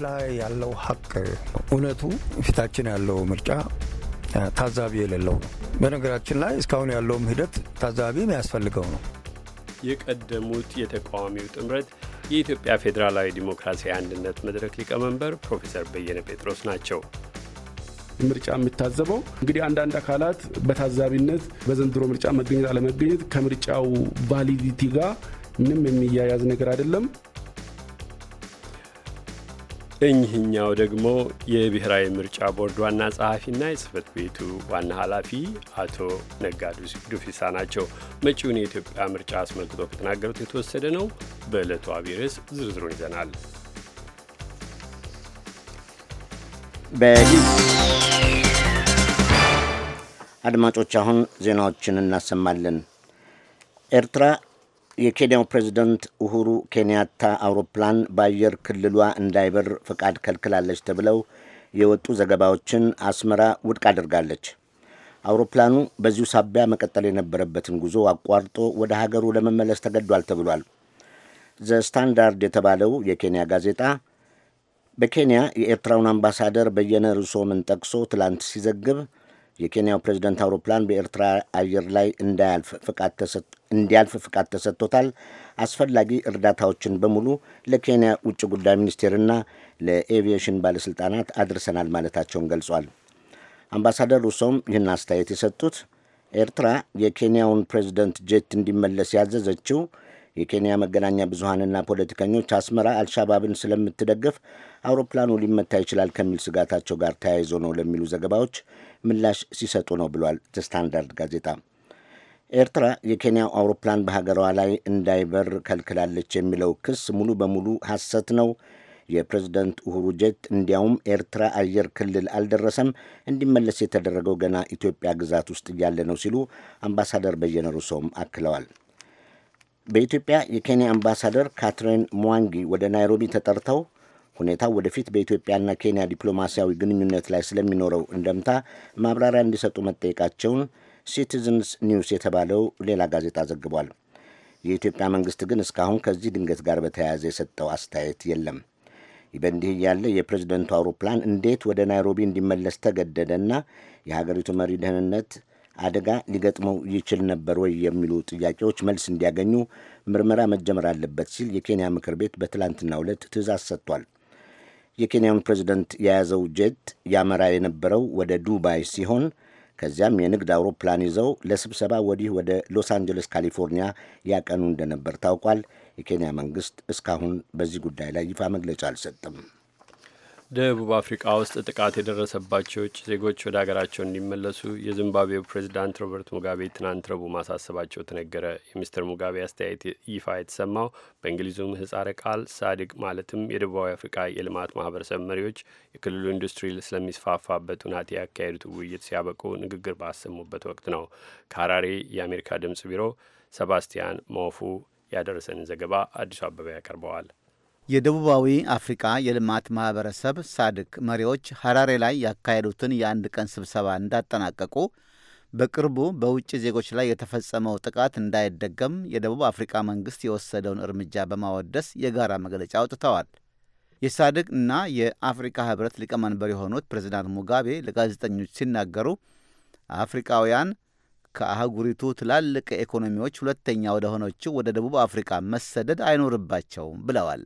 መሬት ላይ ያለው ሀቅ እውነቱ ፊታችን ያለው ምርጫ ታዛቢ የሌለው ነው። በነገራችን ላይ እስካሁን ያለውም ሂደት ታዛቢ የሚያስፈልገው ነው። የቀደሙት የተቃዋሚው ጥምረት የኢትዮጵያ ፌዴራላዊ ዲሞክራሲያዊ አንድነት መድረክ ሊቀመንበር ፕሮፌሰር በየነ ጴጥሮስ ናቸው። ምርጫ የሚታዘበው እንግዲህ አንዳንድ አካላት በታዛቢነት በዘንድሮ ምርጫ መገኘት አለመገኘት ከምርጫው ቫሊዲቲ ጋር ምንም የሚያያዝ ነገር አይደለም። እኚህኛው ደግሞ የብሔራዊ ምርጫ ቦርድ ዋና ጸሐፊና የጽህፈት ቤቱ ዋና ኃላፊ አቶ ነጋ ዱፊሳ ናቸው። መጪውን የኢትዮጵያ ምርጫ አስመልክቶ ከተናገሩት የተወሰደ ነው። በዕለቱ አብይ ርዕስ ዝርዝሩን ይዘናል። አድማጮች አሁን ዜናዎችን እናሰማለን። ኤርትራ የኬንያው ፕሬዚደንት ኡሁሩ ኬንያታ አውሮፕላን በአየር ክልሏ እንዳይበር ፈቃድ ከልክላለች ተብለው የወጡ ዘገባዎችን አስመራ ውድቅ አድርጋለች። አውሮፕላኑ በዚሁ ሳቢያ መቀጠል የነበረበትን ጉዞ አቋርጦ ወደ ሀገሩ ለመመለስ ተገዷል ተብሏል። ዘ ስታንዳርድ የተባለው የኬንያ ጋዜጣ በኬንያ የኤርትራውን አምባሳደር በየነ ምን ጠቅሶ ትላንት ሲዘግብ የኬንያው ፕሬዝደንት አውሮፕላን በኤርትራ አየር ላይ እንዲያልፍ ፍቃድ ተሰጥቶታል። አስፈላጊ እርዳታዎችን በሙሉ ለኬንያ ውጭ ጉዳይ ሚኒስቴርና ለኤቪዬሽን ባለሥልጣናት አድርሰናል ማለታቸውን ገልጿል። አምባሳደር ሩሶም ይህን አስተያየት የሰጡት ኤርትራ የኬንያውን ፕሬዝደንት ጄት እንዲመለስ ያዘዘችው የኬንያ መገናኛ ብዙሀንና ፖለቲከኞች አስመራ አልሻባብን ስለምትደግፍ አውሮፕላኑ ሊመታ ይችላል ከሚል ስጋታቸው ጋር ተያይዞ ነው ለሚሉ ዘገባዎች ምላሽ ሲሰጡ ነው ብሏል ስታንዳርድ ጋዜጣ። ኤርትራ የኬንያው አውሮፕላን በሀገሯ ላይ እንዳይበር ከልክላለች የሚለው ክስ ሙሉ በሙሉ ሐሰት ነው። የፕሬዝደንት ኡሁሩ ጄት እንዲያውም ኤርትራ አየር ክልል አልደረሰም፣ እንዲመለስ የተደረገው ገና ኢትዮጵያ ግዛት ውስጥ እያለ ነው ሲሉ አምባሳደር በየነ ሩሶም አክለዋል። በኢትዮጵያ የኬንያ አምባሳደር ካትሪን ሙዋንጊ ወደ ናይሮቢ ተጠርተው ሁኔታው ወደፊት በኢትዮጵያና ኬንያ ዲፕሎማሲያዊ ግንኙነት ላይ ስለሚኖረው እንደምታ ማብራሪያ እንዲሰጡ መጠየቃቸውን ሲቲዝንስ ኒውስ የተባለው ሌላ ጋዜጣ ዘግቧል። የኢትዮጵያ መንግስት ግን እስካሁን ከዚህ ድንገት ጋር በተያያዘ የሰጠው አስተያየት የለም። ይህ በእንዲህ እያለ የፕሬዝደንቱ አውሮፕላን እንዴት ወደ ናይሮቢ እንዲመለስ ተገደደና የሀገሪቱ መሪ ደህንነት አደጋ ሊገጥመው ይችል ነበር ወይ የሚሉ ጥያቄዎች መልስ እንዲያገኙ ምርመራ መጀመር አለበት ሲል የኬንያ ምክር ቤት በትላንትናው ዕለት ትዕዛዝ ሰጥቷል። የኬንያውን ፕሬዚደንት የያዘው ጄት ያመራ የነበረው ወደ ዱባይ ሲሆን ከዚያም የንግድ አውሮፕላን ይዘው ለስብሰባ ወዲህ ወደ ሎስ አንጀለስ ካሊፎርኒያ ያቀኑ እንደነበር ታውቋል። የኬንያ መንግሥት እስካሁን በዚህ ጉዳይ ላይ ይፋ መግለጫ አልሰጥም። ደቡብ አፍሪቃ ውስጥ ጥቃት የደረሰባቸው ውጭ ዜጎች ወደ ሀገራቸው እንዲመለሱ የዚምባብዌው ፕሬዚዳንት ሮበርት ሙጋቤ ትናንት ረቡዕ ማሳሰባቸው ተነገረ። የሚስተር ሙጋቤ አስተያየት ይፋ የተሰማው በእንግሊዙ ምህጻረ ቃል ሳድቅ ማለትም የደቡባዊ አፍሪቃ የልማት ማህበረሰብ መሪዎች የክልሉ ኢንዱስትሪ ስለሚስፋፋበት ሁናቴ ያካሄዱት ውይይት ሲያበቁ ንግግር ባሰሙበት ወቅት ነው። ከሀራሬ የአሜሪካ ድምጽ ቢሮ ሰባስቲያን ሞፉ ያደረሰንን ዘገባ አዲሱ አበባ ያቀርበዋል። የደቡባዊ አፍሪካ የልማት ማህበረሰብ ሳድክ መሪዎች ሐራሬ ላይ ያካሄዱትን የአንድ ቀን ስብሰባ እንዳጠናቀቁ በቅርቡ በውጭ ዜጎች ላይ የተፈጸመው ጥቃት እንዳይደገም የደቡብ አፍሪካ መንግሥት የወሰደውን እርምጃ በማወደስ የጋራ መግለጫ አውጥተዋል። የሳድክ እና የአፍሪካ ህብረት ሊቀመንበር የሆኑት ፕሬዚዳንት ሙጋቤ ለጋዜጠኞች ሲናገሩ አፍሪካውያን ከአህጉሪቱ ትላልቅ ኢኮኖሚዎች ሁለተኛ ወደ ሆነችው ወደ ደቡብ አፍሪካ መሰደድ አይኖርባቸውም ብለዋል።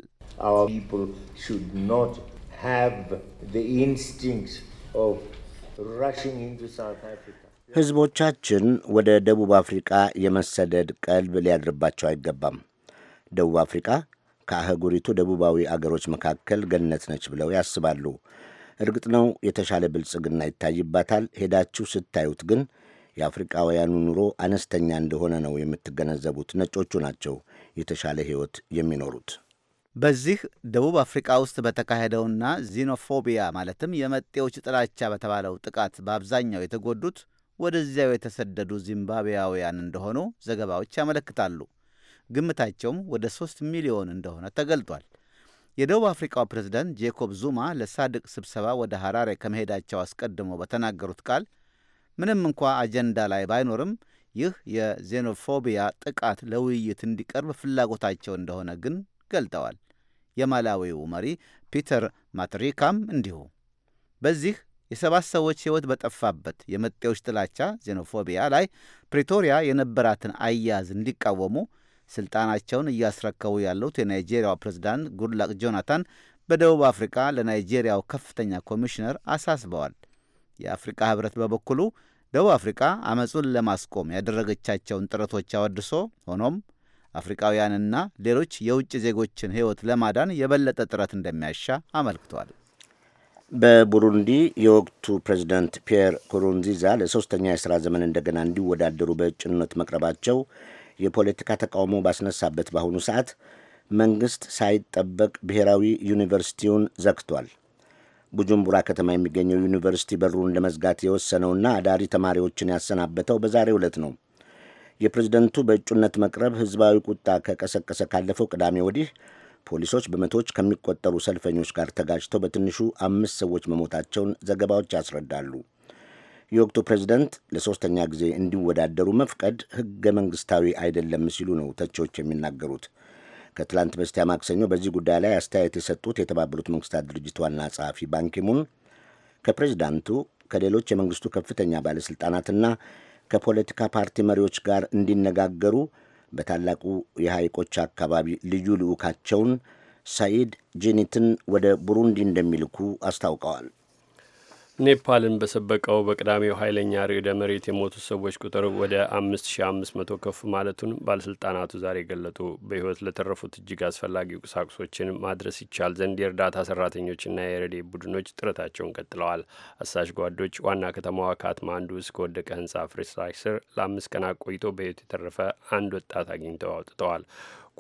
ህዝቦቻችን ወደ ደቡብ አፍሪካ የመሰደድ ቀልብ ሊያድርባቸው አይገባም። ደቡብ አፍሪካ ከአህጉሪቱ ደቡባዊ አገሮች መካከል ገነት ነች ብለው ያስባሉ። እርግጥ ነው የተሻለ ብልጽግና ይታይባታል። ሄዳችሁ ስታዩት ግን የአፍሪቃውያኑ ኑሮ አነስተኛ እንደሆነ ነው የምትገነዘቡት። ነጮቹ ናቸው የተሻለ ሕይወት የሚኖሩት። በዚህ ደቡብ አፍሪቃ ውስጥ በተካሄደውና ዚኖፎቢያ ማለትም የመጤዎች ጥላቻ በተባለው ጥቃት በአብዛኛው የተጎዱት ወደዚያው የተሰደዱ ዚምባብያውያን እንደሆኑ ዘገባዎች ያመለክታሉ። ግምታቸውም ወደ ሦስት ሚሊዮን እንደሆነ ተገልጧል። የደቡብ አፍሪካው ፕሬዝዳንት ጄኮብ ዙማ ለሳድቅ ስብሰባ ወደ ሐራሬ ከመሄዳቸው አስቀድሞ በተናገሩት ቃል ምንም እንኳ አጀንዳ ላይ ባይኖርም ይህ የዜኖፎቢያ ጥቃት ለውይይት እንዲቀርብ ፍላጎታቸው እንደሆነ ግን ገልጠዋል። የማላዊው መሪ ፒተር ማትሪካም እንዲሁ። በዚህ የሰባት ሰዎች ሕይወት በጠፋበት የመጤዎች ጥላቻ ዜኖፎቢያ ላይ ፕሪቶሪያ የነበራትን አያያዝ እንዲቃወሙ ስልጣናቸውን እያስረከቡ ያሉት የናይጄሪያው ፕሬዝዳንት ጉድላቅ ጆናታን በደቡብ አፍሪካ ለናይጄሪያው ከፍተኛ ኮሚሽነር አሳስበዋል። የአፍሪካ ህብረት በበኩሉ ደቡብ አፍሪካ አመፁን ለማስቆም ያደረገቻቸውን ጥረቶች አወድሶ፣ ሆኖም አፍሪካውያንና ሌሎች የውጭ ዜጎችን ሕይወት ለማዳን የበለጠ ጥረት እንደሚያሻ አመልክቷል። በቡሩንዲ የወቅቱ ፕሬዚደንት ፒየር ኩሩንዚዛ ለሶስተኛ የሥራ ዘመን እንደገና እንዲወዳደሩ በእጩነት መቅረባቸው የፖለቲካ ተቃውሞ ባስነሳበት በአሁኑ ሰዓት መንግሥት ሳይጠበቅ ብሔራዊ ዩኒቨርሲቲውን ዘግቷል። ቡጁምቡራ ከተማ የሚገኘው ዩኒቨርሲቲ በሩን ለመዝጋት የወሰነውና አዳሪ ተማሪዎችን ያሰናበተው በዛሬው ዕለት ነው። የፕሬዝደንቱ በእጩነት መቅረብ ህዝባዊ ቁጣ ከቀሰቀሰ ካለፈው ቅዳሜ ወዲህ ፖሊሶች በመቶዎች ከሚቆጠሩ ሰልፈኞች ጋር ተጋጭተው በትንሹ አምስት ሰዎች መሞታቸውን ዘገባዎች ያስረዳሉ። የወቅቱ ፕሬዝደንት ለሦስተኛ ጊዜ እንዲወዳደሩ መፍቀድ ህገ መንግስታዊ አይደለም ሲሉ ነው ተቺዎች የሚናገሩት። ከትላንት በስቲያ ማክሰኞ በዚህ ጉዳይ ላይ አስተያየት የሰጡት የተባበሩት መንግስታት ድርጅት ዋና ጸሐፊ ባንኪሙን ከፕሬዚዳንቱ ከሌሎች የመንግስቱ ከፍተኛ ባለሥልጣናትና ከፖለቲካ ፓርቲ መሪዎች ጋር እንዲነጋገሩ በታላቁ የሐይቆች አካባቢ ልዩ ልዑካቸውን ሳይድ ጄኒትን ወደ ቡሩንዲ እንደሚልኩ አስታውቀዋል። ኔፓልን በሰበቀው በቅዳሜው ኃይለኛ ርዕደ መሬት የሞቱ ሰዎች ቁጥር ወደ መቶ ከፍ ማለቱን ባለሥልጣናቱ ዛሬ ገለጡ። በሕይወት ለተረፉት እጅግ አስፈላጊ ቁሳቁሶችን ማድረስ ይቻል ዘንድ የእርዳታ ሠራተኞችና የረዴ ቡድኖች ጥረታቸውን ቀጥለዋል። አሳሽ ጓዶች ዋና ከተማዋ ካትማንዱ ውስጥ ከወደቀ ሕንጻ ፍርስራሽ ስር ለአምስት ቀናት ቆይቶ በሕይወት የተረፈ አንድ ወጣት አግኝተው አውጥተዋል።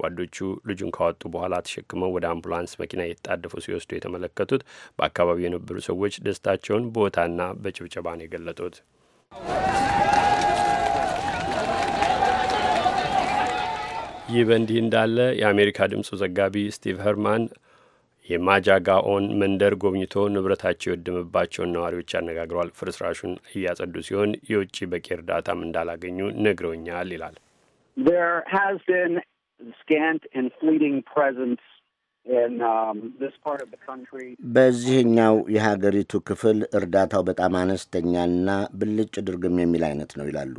ጓዶቹ ልጁን ካወጡ በኋላ ተሸክመው ወደ አምቡላንስ መኪና እየተጣደፉ ሲወስዱ የተመለከቱት በአካባቢው የነበሩ ሰዎች ደስታቸውን በቦታና በጭብጨባ ነው የገለጡት። ይህ በእንዲህ እንዳለ የአሜሪካ ድምፁ ዘጋቢ ስቲቭ ሄርማን የማጃጋኦን መንደር ጎብኝቶ ንብረታቸው የወደመባቸውን ነዋሪዎች አነጋግሯል። ፍርስራሹን እያጸዱ ሲሆን የውጭ በቂ እርዳታም እንዳላገኙ ነግረውኛል ይላል። There has been scant and fleeting presence in um, this part of the country. በዚህኛው የሀገሪቱ ክፍል እርዳታው በጣም አነስተኛና ብልጭ ድርግም የሚል አይነት ነው ይላሉ።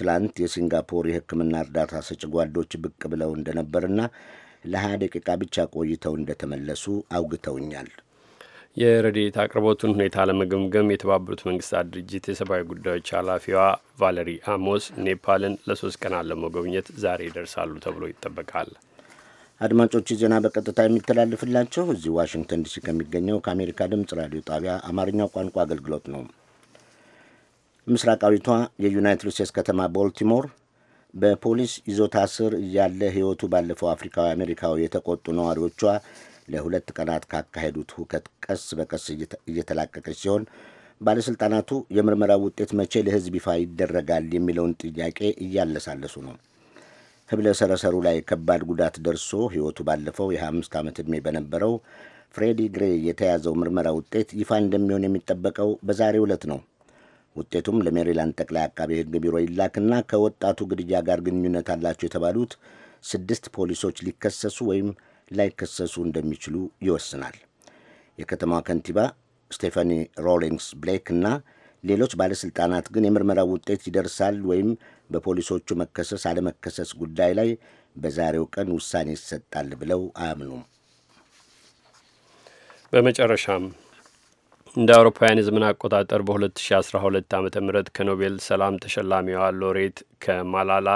ትላንት የሲንጋፖር የሕክምና እርዳታ ሰጭ ጓዶች ብቅ ብለው እንደነበርና ለሀያ ደቂቃ ብቻ ቆይተው እንደተመለሱ አውግተውኛል። የረድኤት አቅርቦቱን ሁኔታ ለመገምገም የተባበሩት መንግስታት ድርጅት የሰብአዊ ጉዳዮች ኃላፊዋ ቫለሪ አሞስ ኔፓልን ለሶስት ቀናት ለመጎብኘት ዛሬ ይደርሳሉ ተብሎ ይጠበቃል። አድማጮች ዜና በቀጥታ የሚተላለፍላቸው እዚህ ዋሽንግተን ዲሲ ከሚገኘው ከአሜሪካ ድምፅ ራዲዮ ጣቢያ አማርኛ ቋንቋ አገልግሎት ነው። ምስራቃዊቷ የዩናይትድ ስቴትስ ከተማ ቦልቲሞር በፖሊስ ይዞታ ስር እያለ ሕይወቱ ባለፈው አፍሪካዊ አሜሪካዊ የተቆጡ ነዋሪዎቿ ለሁለት ቀናት ካካሄዱት ሁከት ቀስ በቀስ እየተላቀቀች ሲሆን ባለሥልጣናቱ የምርመራው ውጤት መቼ ለሕዝብ ይፋ ይደረጋል የሚለውን ጥያቄ እያለሳለሱ ነው። ህብለ ሰረሰሩ ላይ ከባድ ጉዳት ደርሶ ሕይወቱ ባለፈው የ25 ዓመት ዕድሜ በነበረው ፍሬዲ ግሬ የተያዘው ምርመራ ውጤት ይፋ እንደሚሆን የሚጠበቀው በዛሬ ዕለት ነው። ውጤቱም ለሜሪላንድ ጠቅላይ አቃቤ ሕግ ቢሮ ይላክና ከወጣቱ ግድያ ጋር ግንኙነት አላቸው የተባሉት ስድስት ፖሊሶች ሊከሰሱ ወይም ላይከሰሱ እንደሚችሉ ይወስናል። የከተማዋ ከንቲባ ስቴፋኒ ሮሊንግስ ብሌክ እና ሌሎች ባለሥልጣናት ግን የምርመራው ውጤት ይደርሳል ወይም በፖሊሶቹ መከሰስ አለመከሰስ ጉዳይ ላይ በዛሬው ቀን ውሳኔ ይሰጣል ብለው አያምኑም። በመጨረሻም እንደ አውሮፓውያን የዘመን አቆጣጠር በ2012 ዓ ም ከኖቤል ሰላም ተሸላሚዋ ሎሬት ከማላላ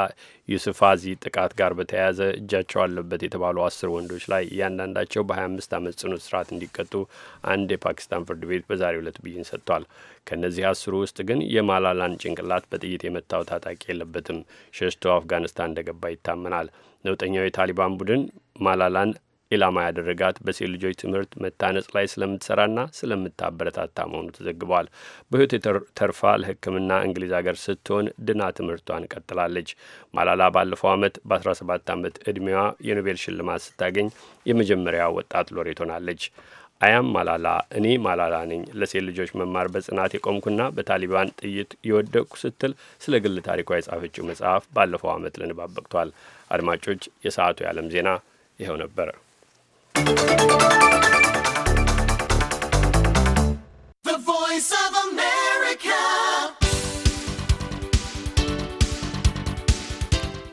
ዩስፋዚ ጥቃት ጋር በተያያዘ እጃቸው አለበት የተባሉ አስር ወንዶች ላይ እያንዳንዳቸው በ25 ዓመት ጽኑ እስራት እንዲቀጡ አንድ የፓኪስታን ፍርድ ቤት በዛሬው ዕለት ብይን ሰጥቷል። ከእነዚህ አስሩ ውስጥ ግን የማላላን ጭንቅላት በጥይት የመታው ታጣቂ የለበትም። ሸሽቶ አፍጋኒስታን እንደገባ ይታመናል። ነውጠኛው የታሊባን ቡድን ማላላን ኢላማ ያደረጋት በሴት ልጆች ትምህርት መታነጽ ላይ ስለምትሰራና ስለምታበረታታ መሆኑ ተዘግቧል። በህይወት ተርፋ ለሕክምና እንግሊዝ ሀገር ስትሆን ድና ትምህርቷን ቀጥላለች። ማላላ ባለፈው ዓመት በ17 ዓመት ዕድሜዋ የኖቤል ሽልማት ስታገኝ የመጀመሪያ ወጣት ሎሬት ሆናለች። አያም ማላላ እኔ ማላላ ነኝ ለሴት ልጆች መማር በጽናት የቆምኩና በታሊባን ጥይት የወደቅኩ ስትል ስለ ግል ታሪኳ የጻፈችው መጽሐፍ ባለፈው ዓመት ለንባብ በቅቷል። አድማጮች፣ የሰዓቱ የዓለም ዜና ይኸው ነበር።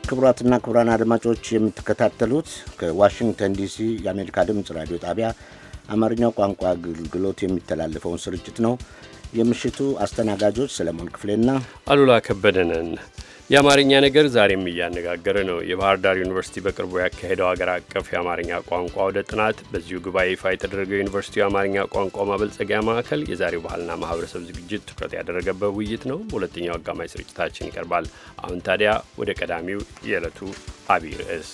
ክቡራትና ክቡራን አድማጮች የምትከታተሉት ከዋሽንግተን ዲሲ የአሜሪካ ድምፅ ራዲዮ ጣቢያ አማርኛው ቋንቋ አገልግሎት የሚተላለፈውን ስርጭት ነው። የምሽቱ አስተናጋጆች ሰለሞን ክፍሌና አሉላ ከበደነን። የአማርኛ ነገር ዛሬም እያነጋገረ ነው። የባህር ዳር ዩኒቨርሲቲ በቅርቡ ያካሄደው ሀገር አቀፍ የአማርኛ ቋንቋ ወደ ጥናት በዚሁ ጉባኤ ይፋ የተደረገው ዩኒቨርሲቲ የአማርኛ ቋንቋ ማበልጸጊያ ማዕከል የዛሬው ባህልና ማህበረሰብ ዝግጅት ትኩረት ያደረገበት ውይይት ነው። በሁለተኛው አጋማሽ ስርጭታችን ይቀርባል። አሁን ታዲያ ወደ ቀዳሚው የዕለቱ አብይ ርዕስ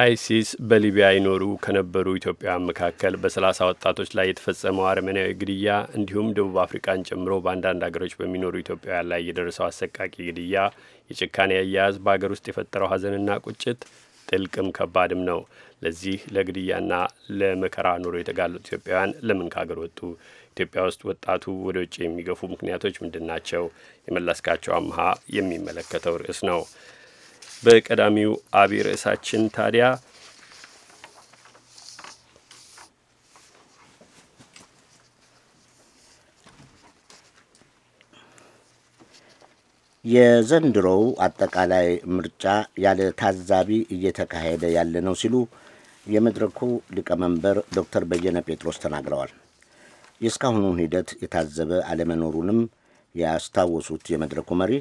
አይሲስ በሊቢያ ይኖሩ ከነበሩ ኢትዮጵያውያን መካከል በሰላሳ ወጣቶች ላይ የተፈጸመው አረመናዊ ግድያ እንዲሁም ደቡብ አፍሪቃን ጨምሮ በአንዳንድ ሀገሮች በሚኖሩ ኢትዮጵያውያን ላይ የደረሰው አሰቃቂ ግድያ የጭካኔ አያያዝ በሀገር ውስጥ የፈጠረው ሀዘንና ቁጭት ጥልቅም ከባድም ነው። ለዚህ ለግድያና ለመከራ ኑሮ የተጋለጡ ኢትዮጵያውያን ለምን ከሀገር ወጡ? ኢትዮጵያ ውስጥ ወጣቱ ወደ ውጭ የሚገፉ ምክንያቶች ምንድን ናቸው? የመለስካቸው አምሃ የሚመለከተው ርዕስ ነው። በቀዳሚው አብይ ርዕሳችን ታዲያ የዘንድሮው አጠቃላይ ምርጫ ያለ ታዛቢ እየተካሄደ ያለ ነው ሲሉ የመድረኩ ሊቀመንበር ዶክተር በየነ ጴጥሮስ ተናግረዋል። የእስካሁኑን ሂደት የታዘበ አለመኖሩንም ያስታወሱት የመድረኩ መሪ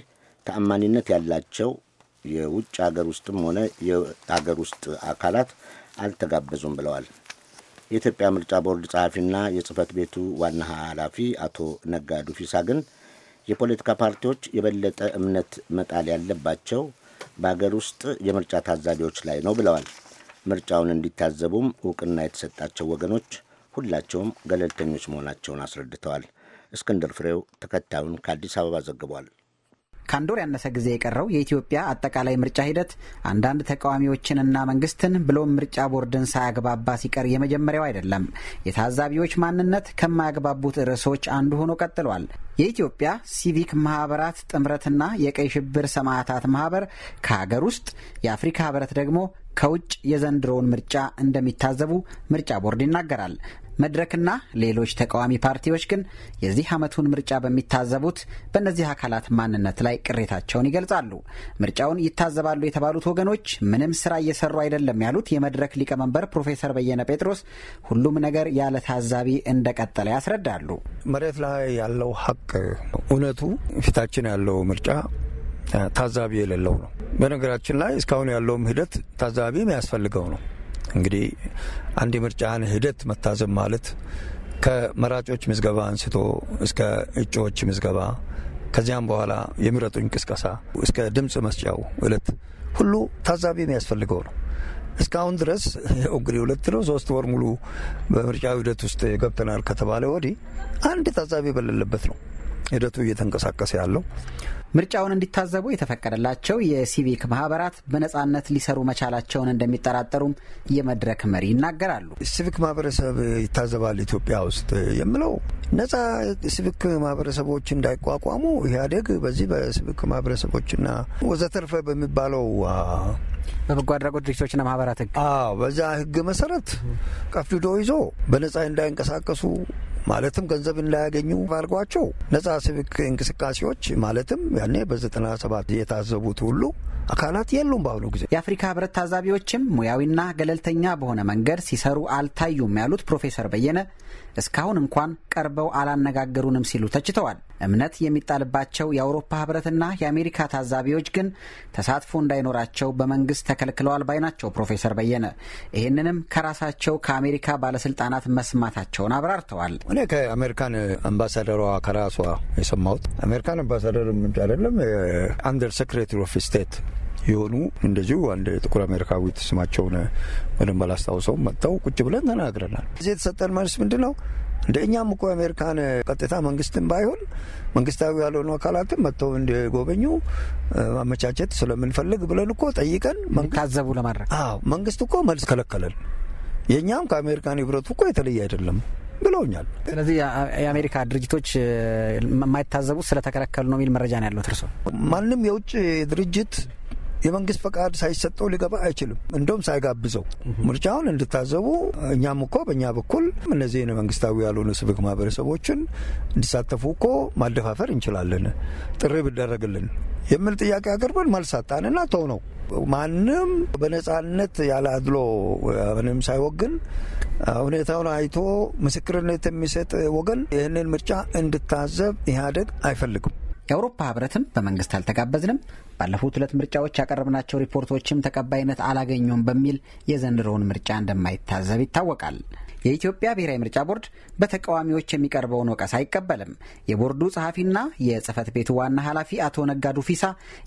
ተአማኒነት ያላቸው የውጭ ሀገር ውስጥም ሆነ የሀገር ውስጥ አካላት አልተጋበዙም ብለዋል። የኢትዮጵያ ምርጫ ቦርድ ጸሐፊና የጽህፈት ቤቱ ዋና ኃላፊ አቶ ነጋ ዱፊሳ ግን የፖለቲካ ፓርቲዎች የበለጠ እምነት መጣል ያለባቸው በሀገር ውስጥ የምርጫ ታዛቢዎች ላይ ነው ብለዋል። ምርጫውን እንዲታዘቡም እውቅና የተሰጣቸው ወገኖች ሁላቸውም ገለልተኞች መሆናቸውን አስረድተዋል። እስክንድር ፍሬው ተከታዩን ከአዲስ አበባ ዘግቧል። ከአንድ ወር ያነሰ ጊዜ የቀረው የኢትዮጵያ አጠቃላይ ምርጫ ሂደት አንዳንድ ተቃዋሚዎችንና መንግስትን ብሎም ምርጫ ቦርድን ሳያግባባ ሲቀር የመጀመሪያው አይደለም። የታዛቢዎች ማንነት ከማያግባቡት ርዕሶች አንዱ ሆኖ ቀጥሏል። የኢትዮጵያ ሲቪክ ማህበራት ጥምረትና የቀይ ሽብር ሰማዕታት ማህበር ከሀገር ውስጥ፣ የአፍሪካ ህብረት ደግሞ ከውጭ የዘንድሮውን ምርጫ እንደሚታዘቡ ምርጫ ቦርድ ይናገራል። መድረክና ሌሎች ተቃዋሚ ፓርቲዎች ግን የዚህ ዓመቱን ምርጫ በሚታዘቡት በእነዚህ አካላት ማንነት ላይ ቅሬታቸውን ይገልጻሉ። ምርጫውን ይታዘባሉ የተባሉት ወገኖች ምንም ስራ እየሰሩ አይደለም ያሉት የመድረክ ሊቀመንበር ፕሮፌሰር በየነ ጴጥሮስ ሁሉም ነገር ያለ ታዛቢ እንደቀጠለ ያስረዳሉ። መሬት ላይ ያለው ሀቅ እውነቱ ፊታችን ያለው ምርጫ ታዛቢ የሌለው ነው። በነገራችን ላይ እስካሁን ያለውም ሂደት ታዛቢ የሚያስፈልገው ነው። እንግዲህ አንድ የምርጫን ሂደት መታዘብ ማለት ከመራጮች ምዝገባ አንስቶ እስከ እጩዎች ምዝገባ ከዚያም በኋላ የሚረጡኝ ቅስቀሳ እስከ ድምፅ መስጫው እለት ሁሉ ታዛቢ የሚያስፈልገው ነው። እስካሁን ድረስ እንግዲህ ሁለት ነው ሶስት ወር ሙሉ በምርጫ ሂደት ውስጥ ገብተናል ከተባለ ወዲህ አንድ ታዛቢ በሌለበት ነው ሂደቱ እየተንቀሳቀሰ ያለው። ምርጫውን እንዲታዘቡ የተፈቀደላቸው የሲቪክ ማህበራት በነጻነት ሊሰሩ መቻላቸውን እንደሚጠራጠሩም የመድረክ መሪ ይናገራሉ። ሲቪክ ማህበረሰብ ይታዘባል ኢትዮጵያ ውስጥ የምለው ነጻ ሲቪክ ማህበረሰቦች እንዳይቋቋሙ ኢህአዴግ በዚህ በሲቪክ ማህበረሰቦችና ወዘተርፈ በሚባለው በበጎ አድራጎት ድርጅቶችና ማህበራት ህግ። በዛ ህግ መሰረት ቀፍድዶ ይዞ በነጻ እንዳይንቀሳቀሱ ማለትም ገንዘብ እንዳያገኙ ባልጓቸው ነጻ ሲቪክ እንቅስቃሴዎች ማለትም ያኔ በዘጠና ሰባት የታዘቡት ሁሉ አካላት የሉም። በአሁኑ ጊዜ የአፍሪካ ህብረት ታዛቢዎችም ሙያዊና ገለልተኛ በሆነ መንገድ ሲሰሩ አልታዩም ያሉት ፕሮፌሰር በየነ እስካሁን እንኳን ቀርበው አላነጋገሩንም ሲሉ ተችተዋል። እምነት የሚጣልባቸው የአውሮፓ ህብረትና የአሜሪካ ታዛቢዎች ግን ተሳትፎ እንዳይኖራቸው በመንግስት ተከልክለዋል ባይ ናቸው ፕሮፌሰር በየነ። ይህንንም ከራሳቸው ከአሜሪካ ባለስልጣናት መስማታቸውን አብራርተዋል። እኔ ከአሜሪካን አምባሳደሯ ከራሷ የሰማሁት አሜሪካን አምባሳደር አይደለም አንደር ሴክሬታሪ ኦፍ ስቴት የሆኑ እንደዚሁ አንድ ጥቁር አሜሪካዊት ስማቸውን ምንም ባላስታውሰው መጥተው ቁጭ ብለን ተናግረናል። እዚህ የተሰጠን መልስ ምንድን ነው? እንደ እኛም እኮ የአሜሪካን ቀጥታ መንግስትም ባይሆን መንግስታዊ ያልሆኑ አካላትም መጥተው እንዲጎበኙ ማመቻቸት ስለምንፈልግ ብለን እኮ ጠይቀን ታዘቡ ለማድረግ አዎ፣ መንግስት እኮ መልስ ከለከለን። የእኛም ከአሜሪካን ህብረቱ እኮ የተለየ አይደለም ብለውኛል። ስለዚህ የአሜሪካ ድርጅቶች የማይታዘቡ ስለተከለከሉ ነው የሚል መረጃ ነው ያለው እርሶ? ማንም የውጭ ድርጅት የመንግስት ፈቃድ ሳይሰጠው ሊገባ አይችልም። እንደውም ሳይጋብዘው ምርጫውን እንድታዘቡ እኛም እኮ በእኛ በኩል እነዚህን መንግስታዊ ያልሆኑ ስብክ ማህበረሰቦችን እንዲሳተፉ እኮ ማደፋፈር እንችላለን ጥሪ ብደረግልን የሚል ጥያቄ አቅርበን መልሳጣንና ተው ነው። ማንም በነጻነት ያለ አድሎ ምንም ሳይወግን ሁኔታውን አይቶ ምስክርነት የሚሰጥ ወገን ይህንን ምርጫ እንድታዘብ ኢህአዴግ አይፈልግም። የአውሮፓ ህብረትም በመንግስት አልተጋበዝንም፣ ባለፉት ሁለት ምርጫዎች ያቀረብናቸው ሪፖርቶችም ተቀባይነት አላገኙም በሚል የዘንድሮውን ምርጫ እንደማይታዘብ ይታወቃል። የኢትዮጵያ ብሔራዊ ምርጫ ቦርድ በተቃዋሚዎች የሚቀርበውን ወቀስ አይቀበልም። የቦርዱ ጸሐፊና የጽህፈት ቤቱ ዋና ኃላፊ አቶ ነጋዱ ፊሳ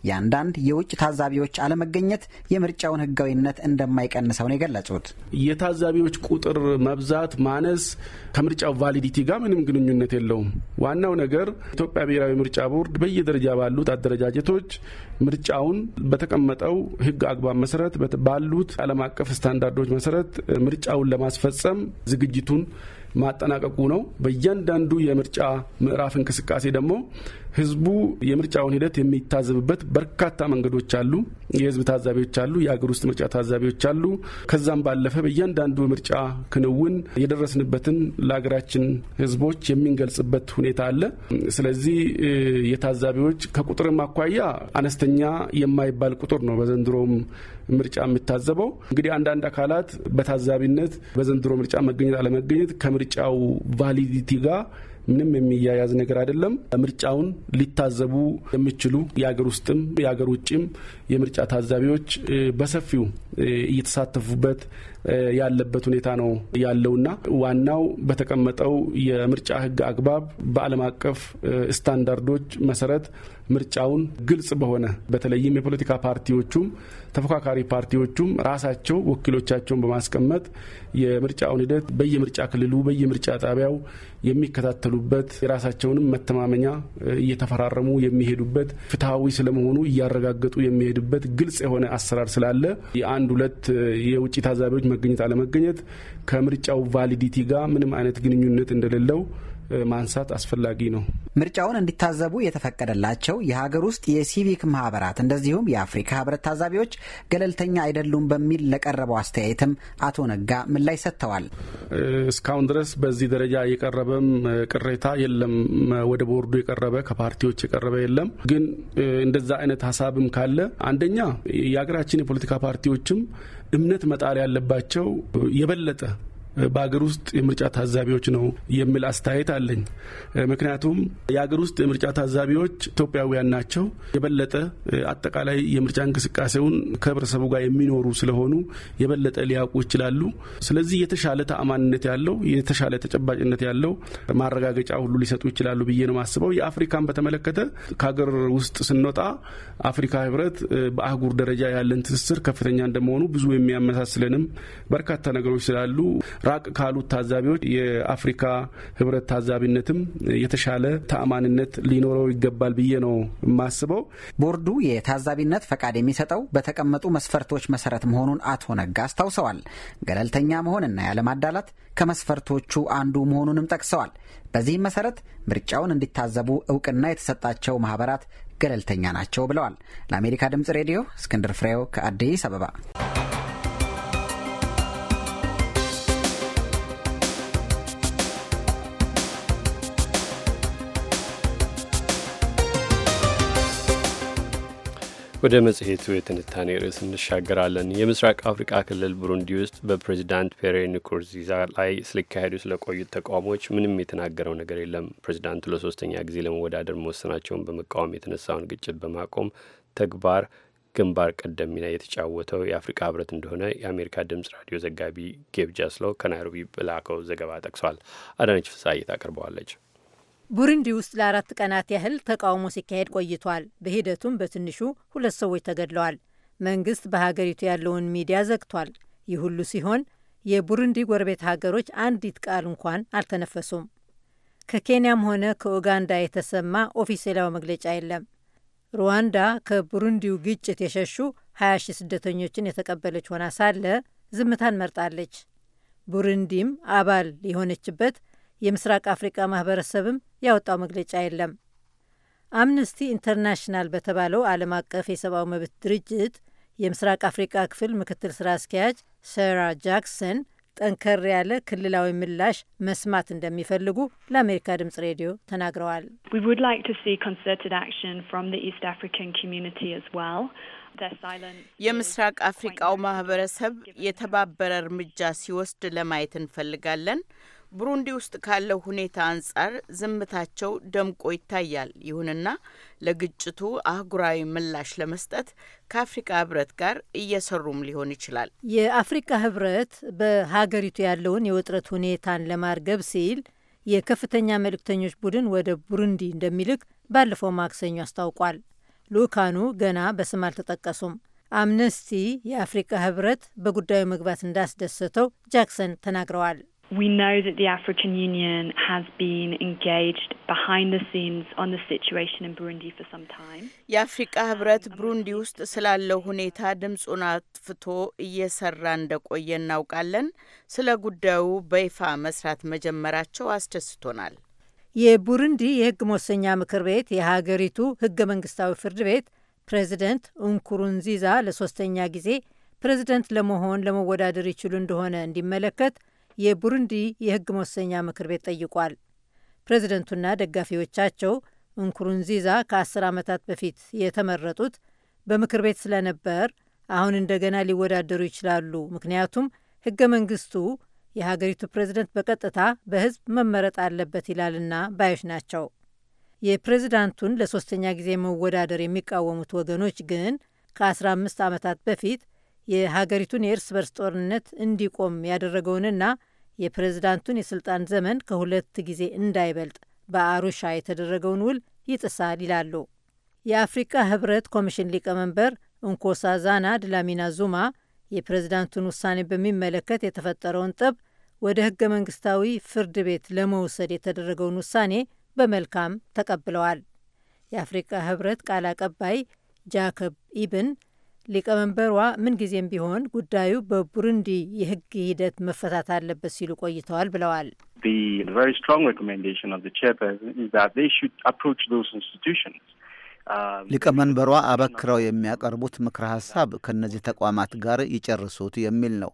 የአንዳንድ የውጭ ታዛቢዎች አለመገኘት የምርጫውን ህጋዊነት እንደማይቀንሰውን የገለጹት። የታዛቢዎች ቁጥር መብዛት ማነስ ከምርጫው ቫሊዲቲ ጋር ምንም ግንኙነት የለውም። ዋናው ነገር ኢትዮጵያ ብሔራዊ ምርጫ ቦርድ በየደረጃ ባሉት አደረጃጀቶች ምርጫውን በተቀመጠው ህግ አግባብ መሰረት ባሉት ዓለም አቀፍ ስታንዳርዶች መሰረት ምርጫውን ለማስፈጸም ዝግጅቱን ማጠናቀቁ ነው። በእያንዳንዱ የምርጫ ምዕራፍ እንቅስቃሴ ደግሞ ህዝቡ የምርጫውን ሂደት የሚታዘብበት በርካታ መንገዶች አሉ። የህዝብ ታዛቢዎች አሉ፣ የአገር ውስጥ ምርጫ ታዛቢዎች አሉ። ከዛም ባለፈ በእያንዳንዱ ምርጫ ክንውን የደረስንበትን ለሀገራችን ህዝቦች የሚንገልጽበት ሁኔታ አለ። ስለዚህ የታዛቢዎች ከቁጥርም አኳያ አነስተኛ የማይባል ቁጥር ነው በዘንድሮም ምርጫ የምታዘበው። እንግዲህ አንዳንድ አካላት በታዛቢነት በዘንድሮ ምርጫ መገኘት አለመገኘት ከምርጫው ቫሊዲቲ ጋር ምንም የሚያያዝ ነገር አይደለም። ምርጫውን ሊታዘቡ የሚችሉ የሀገር ውስጥም የሀገር ውጭም የምርጫ ታዛቢዎች በሰፊው እየተሳተፉበት ያለበት ሁኔታ ነው ያለውና ዋናው በተቀመጠው የምርጫ ህግ አግባብ በዓለም አቀፍ ስታንዳርዶች መሰረት ምርጫውን ግልጽ በሆነ በተለይም የፖለቲካ ፓርቲዎቹም ተፎካካሪ ፓርቲዎቹም ራሳቸው ወኪሎቻቸውን በማስቀመጥ የምርጫውን ሂደት በየምርጫ ክልሉ በየምርጫ ጣቢያው የሚከታተሉበት የራሳቸውንም መተማመኛ እየተፈራረሙ የሚሄዱበት ፍትሐዊ ስለመሆኑ እያረጋገጡ የሚሄዱበት ግልጽ የሆነ አሰራር ስላለ የአንድ ሁለት የውጭ ታዛቢዎች መገኘት አለመገኘት ከምርጫው ቫሊዲቲ ጋር ምንም አይነት ግንኙነት እንደሌለው ማንሳት አስፈላጊ ነው። ምርጫውን እንዲታዘቡ የተፈቀደላቸው የሀገር ውስጥ የሲቪክ ማህበራት እንደዚሁም የአፍሪካ ህብረት ታዛቢዎች ገለልተኛ አይደሉም በሚል ለቀረበው አስተያየትም አቶ ነጋ ምላሽ ሰጥተዋል። እስካሁን ድረስ በዚህ ደረጃ የቀረበም ቅሬታ የለም። ወደ ቦርዱ የቀረበ ከፓርቲዎች የቀረበ የለም። ግን እንደዛ አይነት ሀሳብም ካለ አንደኛ የሀገራችን የፖለቲካ ፓርቲዎችም እምነት መጣል ያለባቸው የበለጠ በሀገር ውስጥ የምርጫ ታዛቢዎች ነው የሚል አስተያየት አለኝ። ምክንያቱም የሀገር ውስጥ የምርጫ ታዛቢዎች ኢትዮጵያውያን ናቸው። የበለጠ አጠቃላይ የምርጫ እንቅስቃሴውን ከህብረተሰቡ ጋር የሚኖሩ ስለሆኑ የበለጠ ሊያውቁ ይችላሉ። ስለዚህ የተሻለ ተአማንነት ያለው የተሻለ ተጨባጭነት ያለው ማረጋገጫ ሁሉ ሊሰጡ ይችላሉ ብዬ ነው የማስበው። የአፍሪካን በተመለከተ ከሀገር ውስጥ ስንወጣ አፍሪካ ህብረት በአህጉር ደረጃ ያለን ትስስር ከፍተኛ እንደመሆኑ ብዙ የሚያመሳስለንም በርካታ ነገሮች ስላሉ ራቅ ካሉት ታዛቢዎች የአፍሪካ ህብረት ታዛቢነትም የተሻለ ተአማንነት ሊኖረው ይገባል ብዬ ነው የማስበው። ቦርዱ የታዛቢነት ፈቃድ የሚሰጠው በተቀመጡ መስፈርቶች መሰረት መሆኑን አቶ ነጋ አስታውሰዋል። ገለልተኛ መሆንና ያለማዳላት ከመስፈርቶቹ አንዱ መሆኑንም ጠቅሰዋል። በዚህም መሰረት ምርጫውን እንዲታዘቡ እውቅና የተሰጣቸው ማህበራት ገለልተኛ ናቸው ብለዋል። ለአሜሪካ ድምጽ ሬዲዮ እስክንድር ፍሬው ከአዲስ አበባ ወደ መጽሔቱ የትንታኔ ርዕስ እንሻገራለን። የምስራቅ አፍሪቃ ክልል ቡሩንዲ ውስጥ በፕሬዚዳንት ፔሬ ንኩርዚዛ ላይ ስሊካሄዱ ስለቆዩት ተቃውሞዎች ምንም የተናገረው ነገር የለም። ፕሬዚዳንቱ ለሶስተኛ ጊዜ ለመወዳደር መወሰናቸውን በመቃወም የተነሳውን ግጭት በማቆም ተግባር ግንባር ቀደም ሚና የተጫወተው የአፍሪካ ህብረት እንደሆነ የአሜሪካ ድምጽ ራዲዮ ዘጋቢ ጌብጃስሎ ከናይሮቢ በላከው ዘገባ ጠቅሷል። አዳነች ፍስሐ ታቀርበዋለች። ቡሩንዲ ውስጥ ለአራት ቀናት ያህል ተቃውሞ ሲካሄድ ቆይቷል። በሂደቱም በትንሹ ሁለት ሰዎች ተገድለዋል። መንግስት በሀገሪቱ ያለውን ሚዲያ ዘግቷል። ይህ ሁሉ ሲሆን የቡሩንዲ ጎረቤት ሀገሮች አንዲት ቃል እንኳን አልተነፈሱም። ከኬንያም ሆነ ከኡጋንዳ የተሰማ ኦፊሴላዊ መግለጫ የለም። ሩዋንዳ ከቡሩንዲው ግጭት የሸሹ 20 ሺህ ስደተኞችን የተቀበለች ሆና ሳለ ዝምታን መርጣለች። ቡሩንዲም አባል የሆነችበት የምስራቅ አፍሪቃ ማህበረሰብም ያወጣው መግለጫ የለም። አምነስቲ ኢንተርናሽናል በተባለው ዓለም አቀፍ የሰብአዊ መብት ድርጅት የምስራቅ አፍሪቃ ክፍል ምክትል ስራ አስኪያጅ ሰራ ጃክሰን ጠንከር ያለ ክልላዊ ምላሽ መስማት እንደሚፈልጉ ለአሜሪካ ድምጽ ሬዲዮ ተናግረዋል። የምስራቅ አፍሪቃው ማህበረሰብ የተባበረ እርምጃ ሲወስድ ለማየት እንፈልጋለን። ብሩንዲ ውስጥ ካለው ሁኔታ አንጻር ዝምታቸው ደምቆ ይታያል። ይሁንና ለግጭቱ አህጉራዊ ምላሽ ለመስጠት ከአፍሪካ ህብረት ጋር እየሰሩም ሊሆን ይችላል። የአፍሪካ ህብረት በሀገሪቱ ያለውን የውጥረት ሁኔታን ለማርገብ ሲል የከፍተኛ መልእክተኞች ቡድን ወደ ቡሩንዲ እንደሚልክ ባለፈው ማክሰኞ አስታውቋል። ልኡካኑ ገና በስም አልተጠቀሱም። አምነስቲ የአፍሪካ ህብረት በጉዳዩ መግባት እንዳስደሰተው ጃክሰን ተናግረዋል። We know that the African Union has been engaged behind the scenes on the situation in Burundi for some time. የአፍሪቃ ህብረት ብሩንዲ ውስጥ ስላለው ሁኔታ ድምፁን አጥፍቶ እየሰራ እንደቆየ እናውቃለን። ስለ ጉዳዩ በይፋ መስራት መጀመራቸው አስደስቶናል። የቡሩንዲ የህግ መወሰኛ ምክር ቤት የሀገሪቱ ህገ መንግስታዊ ፍርድ ቤት ፕሬዚደንት እንኩሩንዚዛ ለሶስተኛ ጊዜ ፕሬዚደንት ለመሆን ለመወዳደር ይችሉ እንደሆነ እንዲመለከት የቡሩንዲ የህግ መወሰኛ ምክር ቤት ጠይቋል። ፕሬዚደንቱና ደጋፊዎቻቸው እንኩሩንዚዛ ከአስር ዓመታት በፊት የተመረጡት በምክር ቤት ስለነበር አሁን እንደገና ሊወዳደሩ ይችላሉ፣ ምክንያቱም ህገ መንግስቱ የሀገሪቱ ፕሬዝደንት በቀጥታ በህዝብ መመረጥ አለበት ይላልና ባዮች ናቸው። የፕሬዝዳንቱን ለሶስተኛ ጊዜ መወዳደር የሚቃወሙት ወገኖች ግን ከ15 ዓመታት በፊት የሀገሪቱን የእርስ በርስ ጦርነት እንዲቆም ያደረገውንና የፕሬዝዳንቱን የስልጣን ዘመን ከሁለት ጊዜ እንዳይበልጥ በአሩሻ የተደረገውን ውል ይጥሳል ይላሉ። የአፍሪካ ህብረት ኮሚሽን ሊቀመንበር እንኮሳዛና ድላሚና ዙማ የፕሬዝዳንቱን ውሳኔ በሚመለከት የተፈጠረውን ጠብ ወደ ህገ መንግስታዊ ፍርድ ቤት ለመውሰድ የተደረገውን ውሳኔ በመልካም ተቀብለዋል። የአፍሪካ ህብረት ቃል አቀባይ ጃከብ ኢብን ሊቀመንበሯ ምንጊዜም ቢሆን ጉዳዩ በቡሩንዲ የሕግ ሂደት መፈታት አለበት ሲሉ ቆይተዋል ብለዋል። um, ሊቀመንበሯ አበክረው የሚያቀርቡት ምክረ ሀሳብ ከእነዚህ ተቋማት ጋር ይጨርሱት የሚል ነው።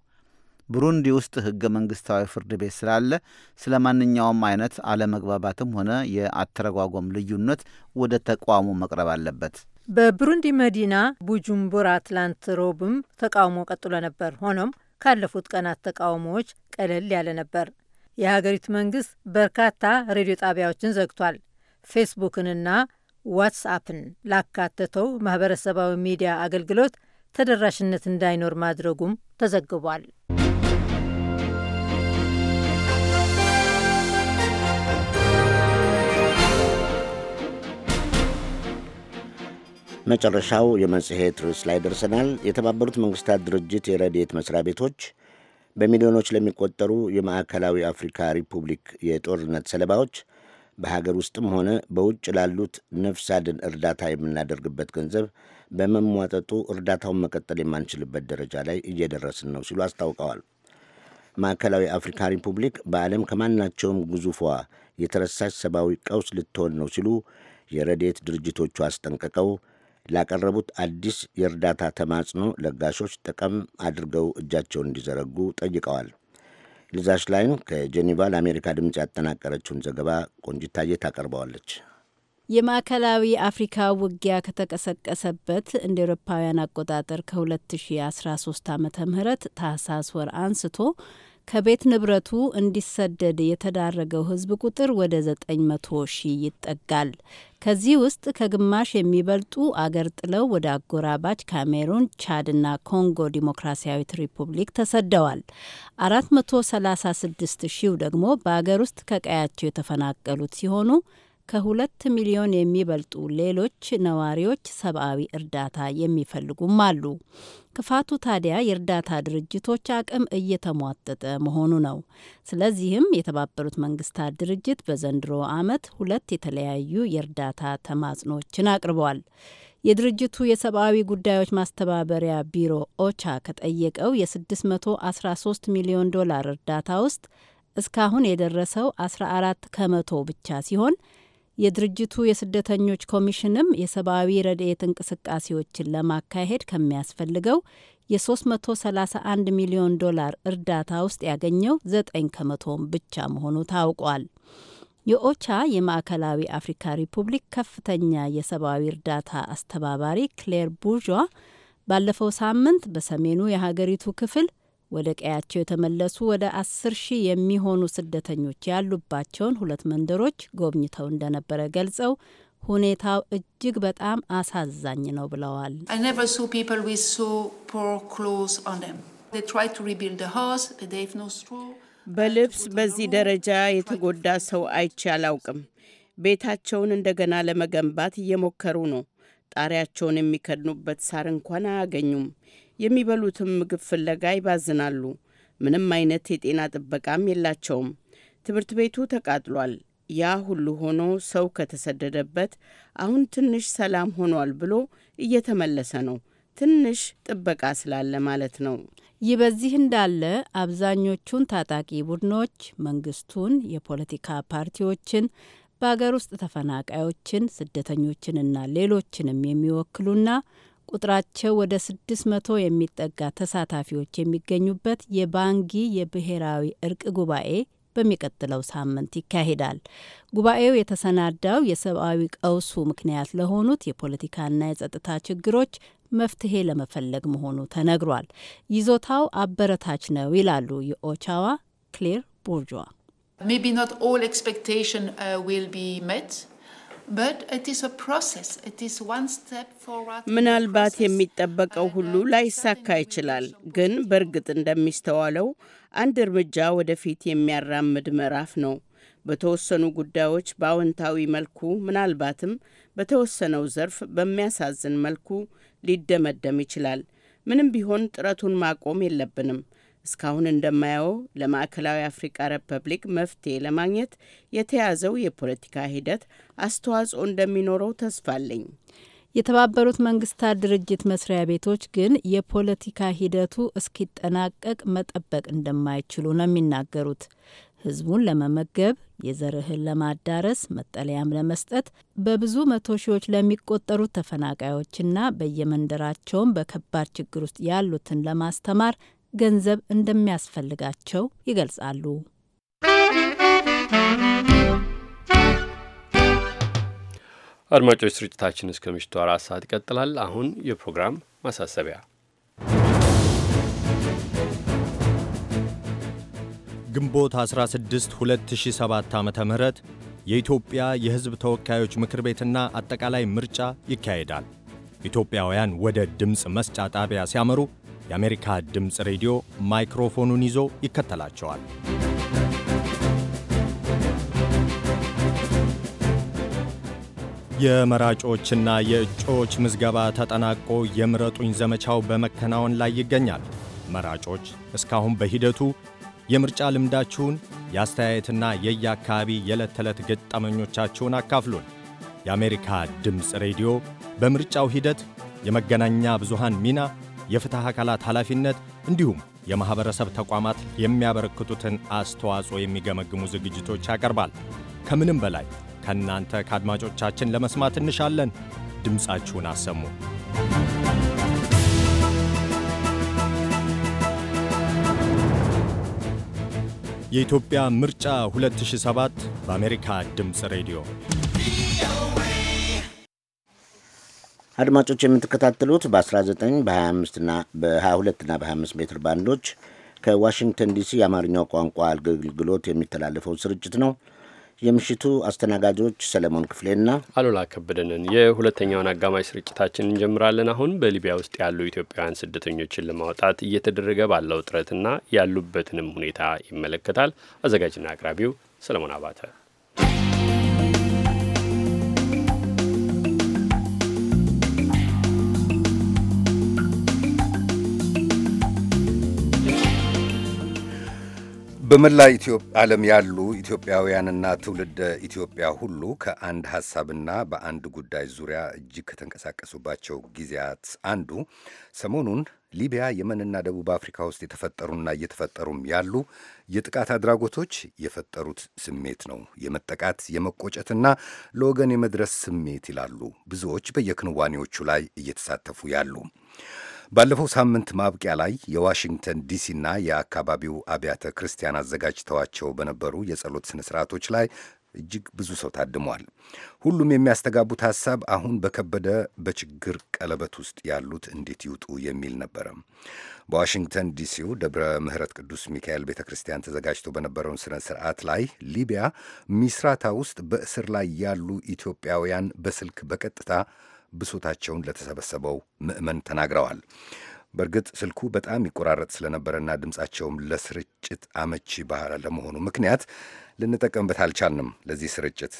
ብሩንዲ ውስጥ ህገ መንግስታዊ ፍርድ ቤት ስላለ ስለ ማንኛውም አይነት አለመግባባትም ሆነ የአተረጓጎም ልዩነት ወደ ተቋሙ መቅረብ አለበት። በብሩንዲ መዲና ቡጁምቡራ ትላንት ሮብም ተቃውሞ ቀጥሎ ነበር። ሆኖም ካለፉት ቀናት ተቃውሞዎች ቀለል ያለ ነበር። የሀገሪቱ መንግስት በርካታ ሬዲዮ ጣቢያዎችን ዘግቷል። ፌስቡክንና ዋትስአፕን ላካተተው ማህበረሰባዊ ሚዲያ አገልግሎት ተደራሽነት እንዳይኖር ማድረጉም ተዘግቧል። መጨረሻው የመጽሔት ርዕስ ላይ ደርሰናል። የተባበሩት መንግስታት ድርጅት የረድኤት መስሪያ ቤቶች በሚሊዮኖች ለሚቆጠሩ የማዕከላዊ አፍሪካ ሪፑብሊክ የጦርነት ሰለባዎች በሀገር ውስጥም ሆነ በውጭ ላሉት ነፍስ አድን እርዳታ የምናደርግበት ገንዘብ በመሟጠጡ እርዳታውን መቀጠል የማንችልበት ደረጃ ላይ እየደረስን ነው ሲሉ አስታውቀዋል። ማዕከላዊ አፍሪካ ሪፑብሊክ በዓለም ከማናቸውም ግዙፏ የተረሳች ሰብአዊ ቀውስ ልትሆን ነው ሲሉ የረድኤት ድርጅቶቹ አስጠንቅቀው ላቀረቡት አዲስ የእርዳታ ተማጽኖ ለጋሾች ጥቅም አድርገው እጃቸውን እንዲዘረጉ ጠይቀዋል። ሊዛ ሽላይን ከጄኔቫ ለአሜሪካ ድምፅ ያጠናቀረችውን ዘገባ ቆንጅታዬ ታቀርበዋለች። የማዕከላዊ አፍሪካ ውጊያ ከተቀሰቀሰበት እንደ ኤሮፓውያን አቆጣጠር ከ2013 ዓ ም ታህሳስ ወር አንስቶ ከቤት ንብረቱ እንዲሰደድ የተዳረገው ሕዝብ ቁጥር ወደ 900 ሺህ ይጠጋል። ከዚህ ውስጥ ከግማሽ የሚበልጡ አገር ጥለው ወደ አጎራባች ካሜሩን፣ ቻድና ኮንጎ ዲሞክራሲያዊት ሪፑብሊክ ተሰደዋል። 436 ሺው ደግሞ በአገር ውስጥ ከቀያቸው የተፈናቀሉት ሲሆኑ ከሁለት ሚሊዮን የሚበልጡ ሌሎች ነዋሪዎች ሰብአዊ እርዳታ የሚፈልጉም አሉ። ክፋቱ ታዲያ የእርዳታ ድርጅቶች አቅም እየተሟጠጠ መሆኑ ነው። ስለዚህም የተባበሩት መንግስታት ድርጅት በዘንድሮ ዓመት ሁለት የተለያዩ የእርዳታ ተማጽኖችን አቅርበዋል። የድርጅቱ የሰብአዊ ጉዳዮች ማስተባበሪያ ቢሮ ኦቻ ከጠየቀው የ613 ሚሊዮን ዶላር እርዳታ ውስጥ እስካሁን የደረሰው 14 ከመቶ ብቻ ሲሆን የድርጅቱ የስደተኞች ኮሚሽንም የሰብአዊ ረድኤት እንቅስቃሴዎችን ለማካሄድ ከሚያስፈልገው የ331 ሚሊዮን ዶላር እርዳታ ውስጥ ያገኘው 9 ከመቶውን ብቻ መሆኑ ታውቋል። የኦቻ የማዕከላዊ አፍሪካ ሪፑብሊክ ከፍተኛ የሰብአዊ እርዳታ አስተባባሪ ክሌር ቡርዣ ባለፈው ሳምንት በሰሜኑ የሀገሪቱ ክፍል ወደ ቀያቸው የተመለሱ ወደ አስር ሺህ የሚሆኑ ስደተኞች ያሉባቸውን ሁለት መንደሮች ጎብኝተው እንደነበረ ገልጸው ሁኔታው እጅግ በጣም አሳዛኝ ነው ብለዋል። በልብስ በዚህ ደረጃ የተጎዳ ሰው አይቼ አላውቅም። ቤታቸውን እንደገና ለመገንባት እየሞከሩ ነው። ጣሪያቸውን የሚከድኑበት ሳር እንኳን አያገኙም። የሚበሉትም ምግብ ፍለጋ ይባዝናሉ። ምንም አይነት የጤና ጥበቃም የላቸውም። ትምህርት ቤቱ ተቃጥሏል። ያ ሁሉ ሆኖ ሰው ከተሰደደበት አሁን ትንሽ ሰላም ሆኗል ብሎ እየተመለሰ ነው። ትንሽ ጥበቃ ስላለ ማለት ነው። ይህ በዚህ እንዳለ አብዛኞቹን ታጣቂ ቡድኖች መንግስቱን፣ የፖለቲካ ፓርቲዎችን፣ በሀገር ውስጥ ተፈናቃዮችን፣ ስደተኞችንና ሌሎችንም የሚወክሉና ቁጥራቸው ወደ 600 የሚጠጋ ተሳታፊዎች የሚገኙበት የባንጊ የብሔራዊ እርቅ ጉባኤ በሚቀጥለው ሳምንት ይካሄዳል። ጉባኤው የተሰናዳው የሰብአዊ ቀውሱ ምክንያት ለሆኑት የፖለቲካና የጸጥታ ችግሮች መፍትሄ ለመፈለግ መሆኑ ተነግሯል። ይዞታው አበረታች ነው ይላሉ የኦቻዋ ክሌር ቦርጇ። ምናልባት የሚጠበቀው ሁሉ uh, ላይሳካ ይችላል፣ ግን በእርግጥ እንደሚስተዋለው አንድ እርምጃ ወደፊት የሚያራምድ ምዕራፍ ነው። በተወሰኑ ጉዳዮች በአዎንታዊ መልኩ፣ ምናልባትም በተወሰነው ዘርፍ በሚያሳዝን መልኩ ሊደመደም ይችላል። ምንም ቢሆን ጥረቱን ማቆም የለብንም። እስካሁን እንደማየው ለማዕከላዊ አፍሪካ ሪፐብሊክ መፍትሄ ለማግኘት የተያዘው የፖለቲካ ሂደት አስተዋጽኦ እንደሚኖረው ተስፋ አለኝ። የተባበሩት መንግስታት ድርጅት መስሪያ ቤቶች ግን የፖለቲካ ሂደቱ እስኪጠናቀቅ መጠበቅ እንደማይችሉ ነው የሚናገሩት። ህዝቡን ለመመገብ፣ የዘርህን ለማዳረስ፣ መጠለያም ለመስጠት በብዙ መቶ ሺዎች ለሚቆጠሩ ተፈናቃዮችና በየመንደራቸውም በከባድ ችግር ውስጥ ያሉትን ለማስተማር ገንዘብ እንደሚያስፈልጋቸው ይገልጻሉ። አድማጮች ስርጭታችን እስከ ምሽቱ አራት ሰዓት ይቀጥላል። አሁን የፕሮግራም ማሳሰቢያ ግንቦት 16 2007 ዓ ም የኢትዮጵያ የሕዝብ ተወካዮች ምክር ቤትና አጠቃላይ ምርጫ ይካሄዳል። ኢትዮጵያውያን ወደ ድምፅ መስጫ ጣቢያ ሲያመሩ የአሜሪካ ድምፅ ሬዲዮ ማይክሮፎኑን ይዞ ይከተላቸዋል። የመራጮችና የእጩዎች ምዝገባ ተጠናቆ የምረጡኝ ዘመቻው በመከናወን ላይ ይገኛል። መራጮች እስካሁን በሂደቱ የምርጫ ልምዳችሁን፣ የአስተያየትና የየአካባቢ የዕለት ተዕለት ገጠመኞቻችሁን አካፍሉን። የአሜሪካ ድምፅ ሬዲዮ በምርጫው ሂደት የመገናኛ ብዙሃን ሚና፣ የፍትሕ አካላት ኃላፊነት እንዲሁም የማኅበረሰብ ተቋማት የሚያበረክቱትን አስተዋጽኦ የሚገመግሙ ዝግጅቶች ያቀርባል። ከምንም በላይ ከእናንተ ከአድማጮቻችን ለመስማት እንሻለን። ድምፃችሁን አሰሙ። የኢትዮጵያ ምርጫ 2007 በአሜሪካ ድምፅ ሬዲዮ አድማጮች የምትከታተሉት በ19 በ25 እና በ22 እና በ25 ሜትር ባንዶች ከዋሽንግተን ዲሲ የአማርኛው ቋንቋ አገልግሎት የሚተላለፈው ስርጭት ነው። የምሽቱ አስተናጋጆች ሰለሞን ክፍሌና አሉላ ከበደንን። የሁለተኛውን አጋማሽ ስርጭታችን እንጀምራለን። አሁን በሊቢያ ውስጥ ያሉ ኢትዮጵያውያን ስደተኞችን ለማውጣት እየተደረገ ባለው ጥረትና ያሉበትንም ሁኔታ ይመለከታል። አዘጋጅና አቅራቢው ሰለሞን አባተ በመላ ዓለም ያሉ ኢትዮጵያውያንና ትውልደ ኢትዮጵያ ሁሉ ከአንድ ሐሳብና በአንድ ጉዳይ ዙሪያ እጅግ ከተንቀሳቀሱባቸው ጊዜያት አንዱ ሰሞኑን ሊቢያ፣ የመንና ደቡብ አፍሪካ ውስጥ የተፈጠሩና እየተፈጠሩም ያሉ የጥቃት አድራጎቶች የፈጠሩት ስሜት ነው። የመጠቃት የመቆጨትና ለወገን የመድረስ ስሜት ይላሉ ብዙዎች በየክንዋኔዎቹ ላይ እየተሳተፉ ያሉ ባለፈው ሳምንት ማብቂያ ላይ የዋሽንግተን ዲሲና የአካባቢው አብያተ ክርስቲያን አዘጋጅተዋቸው በነበሩ የጸሎት ስነ ስርዓቶች ላይ እጅግ ብዙ ሰው ታድሟል። ሁሉም የሚያስተጋቡት ሐሳብ አሁን በከበደ በችግር ቀለበት ውስጥ ያሉት እንዴት ይውጡ የሚል ነበረ። በዋሽንግተን ዲሲው ደብረ ምሕረት ቅዱስ ሚካኤል ቤተ ክርስቲያን ተዘጋጅቶ በነበረውን ሥነ ሥርዓት ላይ ሊቢያ ሚስራታ ውስጥ በእስር ላይ ያሉ ኢትዮጵያውያን በስልክ በቀጥታ ብሶታቸውን ለተሰበሰበው ምዕመን ተናግረዋል። በእርግጥ ስልኩ በጣም ይቆራረጥ ስለነበረና ድምፃቸውም ለስርጭት አመቺ ባለመሆኑ ምክንያት ልንጠቀምበት አልቻልንም ለዚህ ስርጭት።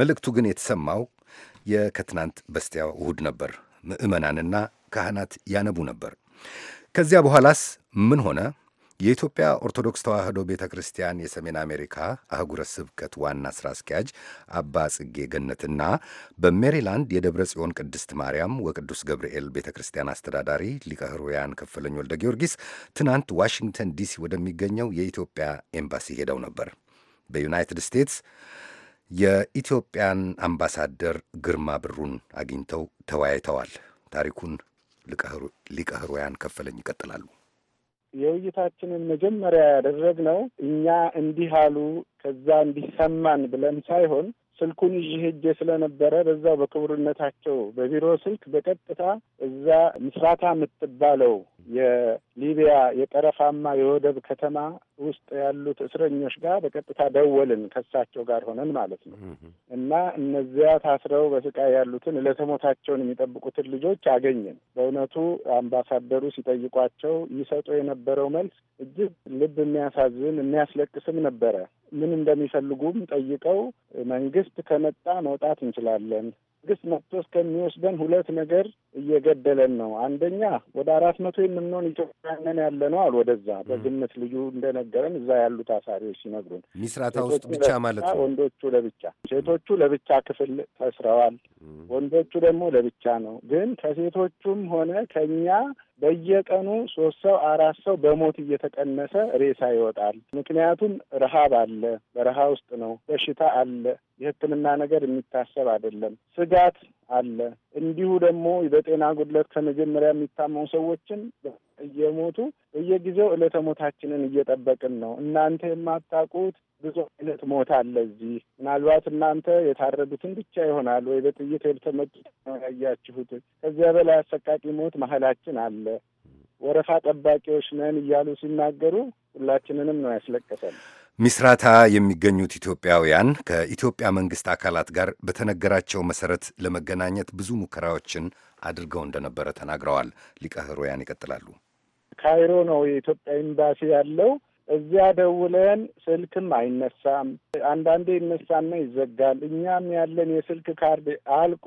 መልእክቱ ግን የተሰማው የከትናንት በስቲያ እሁድ ነበር። ምዕመናንና ካህናት ያነቡ ነበር። ከዚያ በኋላስ ምን ሆነ? የኢትዮጵያ ኦርቶዶክስ ተዋሕዶ ቤተ ክርስቲያን የሰሜን አሜሪካ አህጉረ ስብከት ዋና ሥራ አስኪያጅ አባ ጽጌ ገነትና በሜሪላንድ የደብረ ጽዮን ቅድስት ማርያም ወቅዱስ ገብርኤል ቤተ ክርስቲያን አስተዳዳሪ ሊቀ ሕሩያን ከፈለኝ ወልደ ጊዮርጊስ ትናንት ዋሽንግተን ዲሲ ወደሚገኘው የኢትዮጵያ ኤምባሲ ሄደው ነበር። በዩናይትድ ስቴትስ የኢትዮጵያን አምባሳደር ግርማ ብሩን አግኝተው ተወያይተዋል። ታሪኩን ሊቀ ሕሩያን ከፈለኝ ይቀጥላሉ። የውይይታችንን መጀመሪያ ያደረግነው እኛ እንዲህ አሉ ከዛ እንዲሰማን ብለን ሳይሆን ስልኩን ይዤ ሄጄ ስለነበረ በዛው በክቡርነታቸው በቢሮ ስልክ በቀጥታ እዛ ምስራታ የምትባለው ሊቢያ የጠረፋማ የወደብ ከተማ ውስጥ ያሉት እስረኞች ጋር በቀጥታ ደወልን ከሳቸው ጋር ሆነን ማለት ነው። እና እነዚያ ታስረው በስቃይ ያሉትን ለተሞታቸውን የሚጠብቁትን ልጆች አገኘን። በእውነቱ አምባሳደሩ ሲጠይቋቸው ይሰጡ የነበረው መልስ እጅግ ልብ የሚያሳዝን የሚያስለቅስም ነበረ። ምን እንደሚፈልጉም ጠይቀው መንግስት ከመጣ መውጣት እንችላለን መንግስት መጥቶ እስከሚወስደን ሁለት ነገር እየገደለን ነው። አንደኛ ወደ አራት መቶ የምንሆን ኢትዮጵያውያን ያለ ነው አሉ። ወደዛ በግምት ልዩ እንደነገረን እዛ ያሉት አሳሪዎች ሲነግሩን ሚስራታ ውስጥ ብቻ ማለት ነው። ወንዶቹ ለብቻ፣ ሴቶቹ ለብቻ ክፍል ተስረዋል። ወንዶቹ ደግሞ ለብቻ ነው። ግን ከሴቶቹም ሆነ ከኛ በየቀኑ ሶስት ሰው አራት ሰው በሞት እየተቀነሰ ሬሳ ይወጣል። ምክንያቱም ረሃብ አለ፣ በረሃ ውስጥ ነው። በሽታ አለ። የሕክምና ነገር የሚታሰብ አይደለም። ስጋት አለ። እንዲሁ ደግሞ በጤና ጉድለት ከመጀመሪያ የሚታመሙ ሰዎችን እየሞቱ በየጊዜው ዕለተ ሞታችንን እየጠበቅን ነው። እናንተ የማታውቁት ብዙ አይነት ሞት አለ እዚህ። ምናልባት እናንተ የታረዱትን ብቻ ይሆናል ወይ በጥይት የተመቱት ነው ያያችሁት። ከዚያ በላይ አሰቃቂ ሞት መሀላችን አለ። ወረፋ ጠባቂዎች ነን እያሉ ሲናገሩ ሁላችንንም ነው ያስለቀሰል። ሚስራታ የሚገኙት ኢትዮጵያውያን ከኢትዮጵያ መንግስት አካላት ጋር በተነገራቸው መሰረት ለመገናኘት ብዙ ሙከራዎችን አድርገው እንደነበረ ተናግረዋል። ሊቀ ሕሩያን ይቀጥላሉ። ካይሮ ነው የኢትዮጵያ ኤምባሲ ያለው። እዚያ ደውለን ስልክም አይነሳም። አንዳንዴ ይነሳና ይዘጋል። እኛም ያለን የስልክ ካርድ አልቆ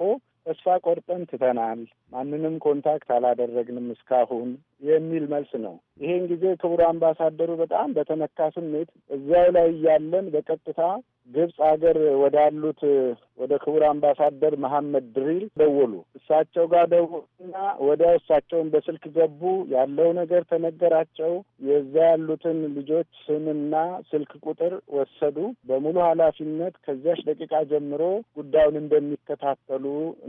ተስፋ ቆርጠን ትተናል። ማንንም ኮንታክት አላደረግንም እስካሁን የሚል መልስ ነው። ይሄን ጊዜ ክቡር አምባሳደሩ በጣም በተነካ ስሜት እዚያው ላይ እያለን በቀጥታ ግብጽ ሀገር ወዳሉት ወደ ክቡር አምባሳደር መሐመድ ድሪል ደወሉ። እሳቸው ጋር ደወሉና ወዲያው እሳቸውን በስልክ ገቡ። ያለው ነገር ተነገራቸው። የዛ ያሉትን ልጆች ስምና ስልክ ቁጥር ወሰዱ። በሙሉ ኃላፊነት ከዚያች ደቂቃ ጀምሮ ጉዳዩን እንደሚከታተሉ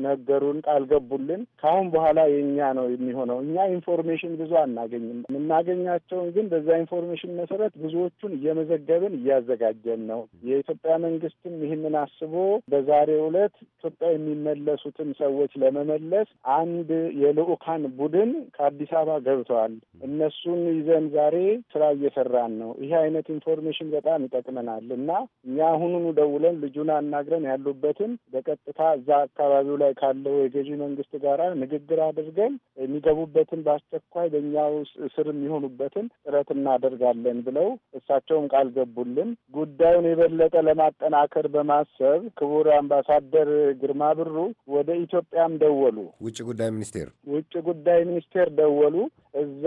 ነገሩን፣ ቃል ገቡልን። ከአሁን በኋላ የእኛ ነው የሚሆነው። እኛ ኢንፎርሜሽን ብዙ አናገኝም። የምናገኛቸውን ግን በዛ ኢንፎርሜሽን መሰረት ብዙዎቹን እየመዘገብን እያዘጋጀን ነው የኢትዮጵያ የኢትዮጵያ መንግስትም ይህንን አስቦ በዛሬው ዕለት ኢትዮጵያ የሚመለሱትን ሰዎች ለመመለስ አንድ የልዑካን ቡድን ከአዲስ አበባ ገብተዋል። እነሱን ይዘን ዛሬ ስራ እየሰራን ነው። ይሄ አይነት ኢንፎርሜሽን በጣም ይጠቅመናል እና እኛ አሁኑኑ ደውለን ልጁን አናግረን ያሉበትን በቀጥታ እዛ አካባቢው ላይ ካለው የገዢ መንግስት ጋር ንግግር አድርገን የሚገቡበትን በአስቸኳይ በእኛው ስር የሚሆኑበትን ጥረት እናደርጋለን ብለው እሳቸውም ቃል ገቡልን። ጉዳዩን የበለጠ ለማጠናከር በማሰብ ክቡር አምባሳደር ግርማ ብሩ ወደ ኢትዮጵያም ደወሉ። ውጭ ጉዳይ ሚኒስቴር ውጭ ጉዳይ ሚኒስቴር ደወሉ። እዛ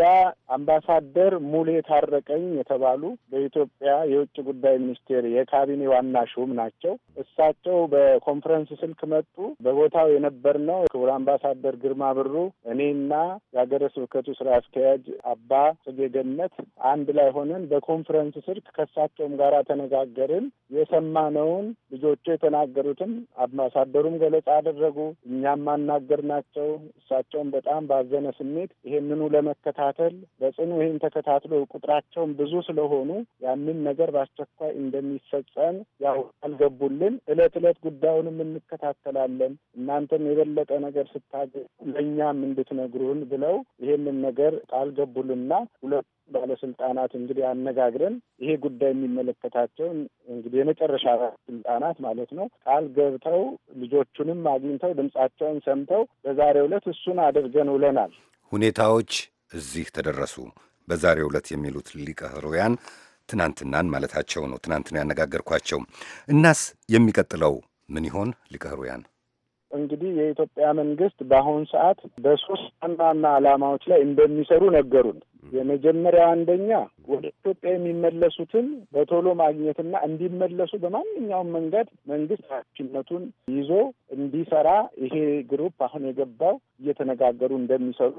አምባሳደር ሙሌ ታረቀኝ የተባሉ በኢትዮጵያ የውጭ ጉዳይ ሚኒስቴር የካቢኔ ዋና ሹም ናቸው። እሳቸው በኮንፈረንስ ስልክ መጡ። በቦታው የነበርነው ክቡር አምባሳደር ግርማ ብሩ፣ እኔና የሀገረ ስብከቱ ስራ አስኪያጅ አባ ጽጌ ገነት አንድ ላይ ሆነን በኮንፈረንስ ስልክ ከእሳቸውም ጋር ተነጋገርን። የሰማነውን ልጆቹ የተናገሩትን አምባሳደሩም ገለጻ አደረጉ። እኛም ናቸው እሳቸውም በጣም ባዘነ ስሜት ይሄንኑ ለመከታተል በጽኑ ይህን ተከታትሎ ቁጥራቸውን ብዙ ስለሆኑ ያንን ነገር በአስቸኳይ እንደሚፈጸም ያው አልገቡልን። እለት እለት ጉዳዩንም እንከታተላለን፣ እናንተም የበለጠ ነገር ስታገ ለእኛም እንድትነግሩን ብለው ይሄንን ነገር ቃል ገቡልና ሁለቱ ባለስልጣናት እንግዲህ አነጋግረን ይሄ ጉዳይ የሚመለከታቸው እንግዲህ የመጨረሻ ስልጣናት ማለት ነው ቃል ገብተው ልጆቹንም አግኝተው ድምጻቸውን ሰምተው በዛሬው ዕለት እሱን አድርገን ውለናል። ሁኔታዎች እዚህ ተደረሱ በዛሬው ዕለት የሚሉት ሊቀ ሕሩያን ትናንትናን ማለታቸው ነው። ትናንትና ያነጋገርኳቸው እናስ የሚቀጥለው ምን ይሆን ሊቀ ሕሩያን? እንግዲህ የኢትዮጵያ መንግስት በአሁኑ ሰዓት በሶስት ዋና ዋና ዓላማዎች ላይ እንደሚሰሩ ነገሩን። የመጀመሪያ አንደኛ ወደ ኢትዮጵያ የሚመለሱትን በቶሎ ማግኘትና እንዲመለሱ በማንኛውም መንገድ መንግስት ኃላፊነቱን ይዞ እንዲሰራ ይሄ ግሩፕ አሁን የገባው እየተነጋገሩ እንደሚሰሩ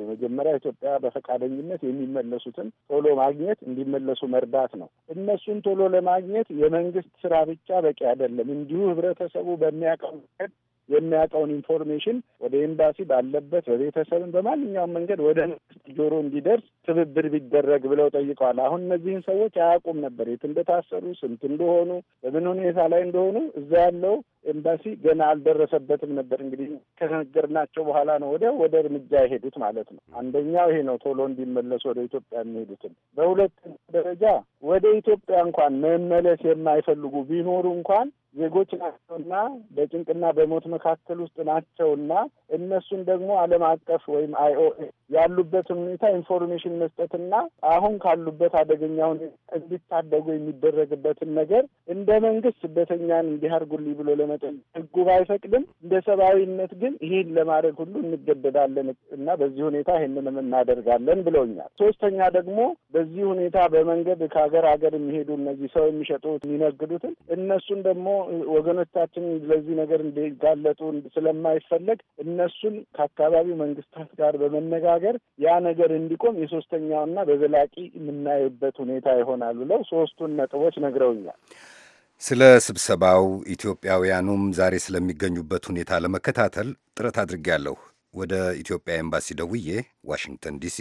የመጀመሪያ ኢትዮጵያ በፈቃደኝነት የሚመለሱትን ቶሎ ማግኘት እንዲመለሱ መርዳት ነው። እነሱን ቶሎ ለማግኘት የመንግስት ስራ ብቻ በቂ አይደለም። እንዲሁ ህብረተሰቡ በሚያውቀው መንገድ የሚያውቀውን ኢንፎርሜሽን ወደ ኤምባሲ ባለበት በቤተሰብን በማንኛውም መንገድ ወደ መንግስት ጆሮ እንዲደርስ ትብብር ቢደረግ ብለው ጠይቀዋል። አሁን እነዚህን ሰዎች አያውቁም ነበር የት እንደታሰሩ፣ ስንት እንደሆኑ፣ በምን ሁኔታ ላይ እንደሆኑ እዛ ያለው ኤምባሲ ገና አልደረሰበትም ነበር። እንግዲህ ከነገርናቸው በኋላ ነው ወዲያ ወደ እርምጃ የሄዱት ማለት ነው። አንደኛው ይሄ ነው፣ ቶሎ እንዲመለሱ ወደ ኢትዮጵያ የሚሄዱትን። በሁለተኛ ደረጃ ወደ ኢትዮጵያ እንኳን መመለስ የማይፈልጉ ቢኖሩ እንኳን ዜጎች ናቸውና በጭንቅና በሞት መካከል ውስጥ ናቸውና እነሱን ደግሞ ዓለም አቀፍ ወይም አይኦኤ ያሉበትን ሁኔታ ኢንፎርሜሽን መስጠትና አሁን ካሉበት አደገኛ ሁኔታ እንዲታደጉ የሚደረግበትን ነገር እንደ መንግስት ስደተኛን እንዲያርጉልኝ ብሎ ለመጠን ህጉ ባይፈቅድም እንደ ሰብአዊነት ግን ይህን ለማድረግ ሁሉ እንገደዳለን እና በዚህ ሁኔታ ይህንንም እናደርጋለን ብለውኛል። ሶስተኛ ደግሞ በዚህ ሁኔታ በመንገድ ከሀገር ሀገር የሚሄዱ እነዚህ ሰው የሚሸጡት የሚነግዱትን እነሱን ደግሞ ወገኖቻችን ለዚህ ነገር እንዲጋለጡ ስለማይፈለግ እነሱን ከአካባቢው መንግስታት ጋር በመነጋገር ያ ነገር እንዲቆም የሶስተኛውና በዘላቂ የምናይበት ሁኔታ ይሆናል ብለው ሶስቱን ነጥቦች ነግረውኛል። ስለ ስብሰባው ኢትዮጵያውያኑም ዛሬ ስለሚገኙበት ሁኔታ ለመከታተል ጥረት አድርጌያለሁ። ወደ ኢትዮጵያ ኤምባሲ ደውዬ ዋሽንግተን ዲሲ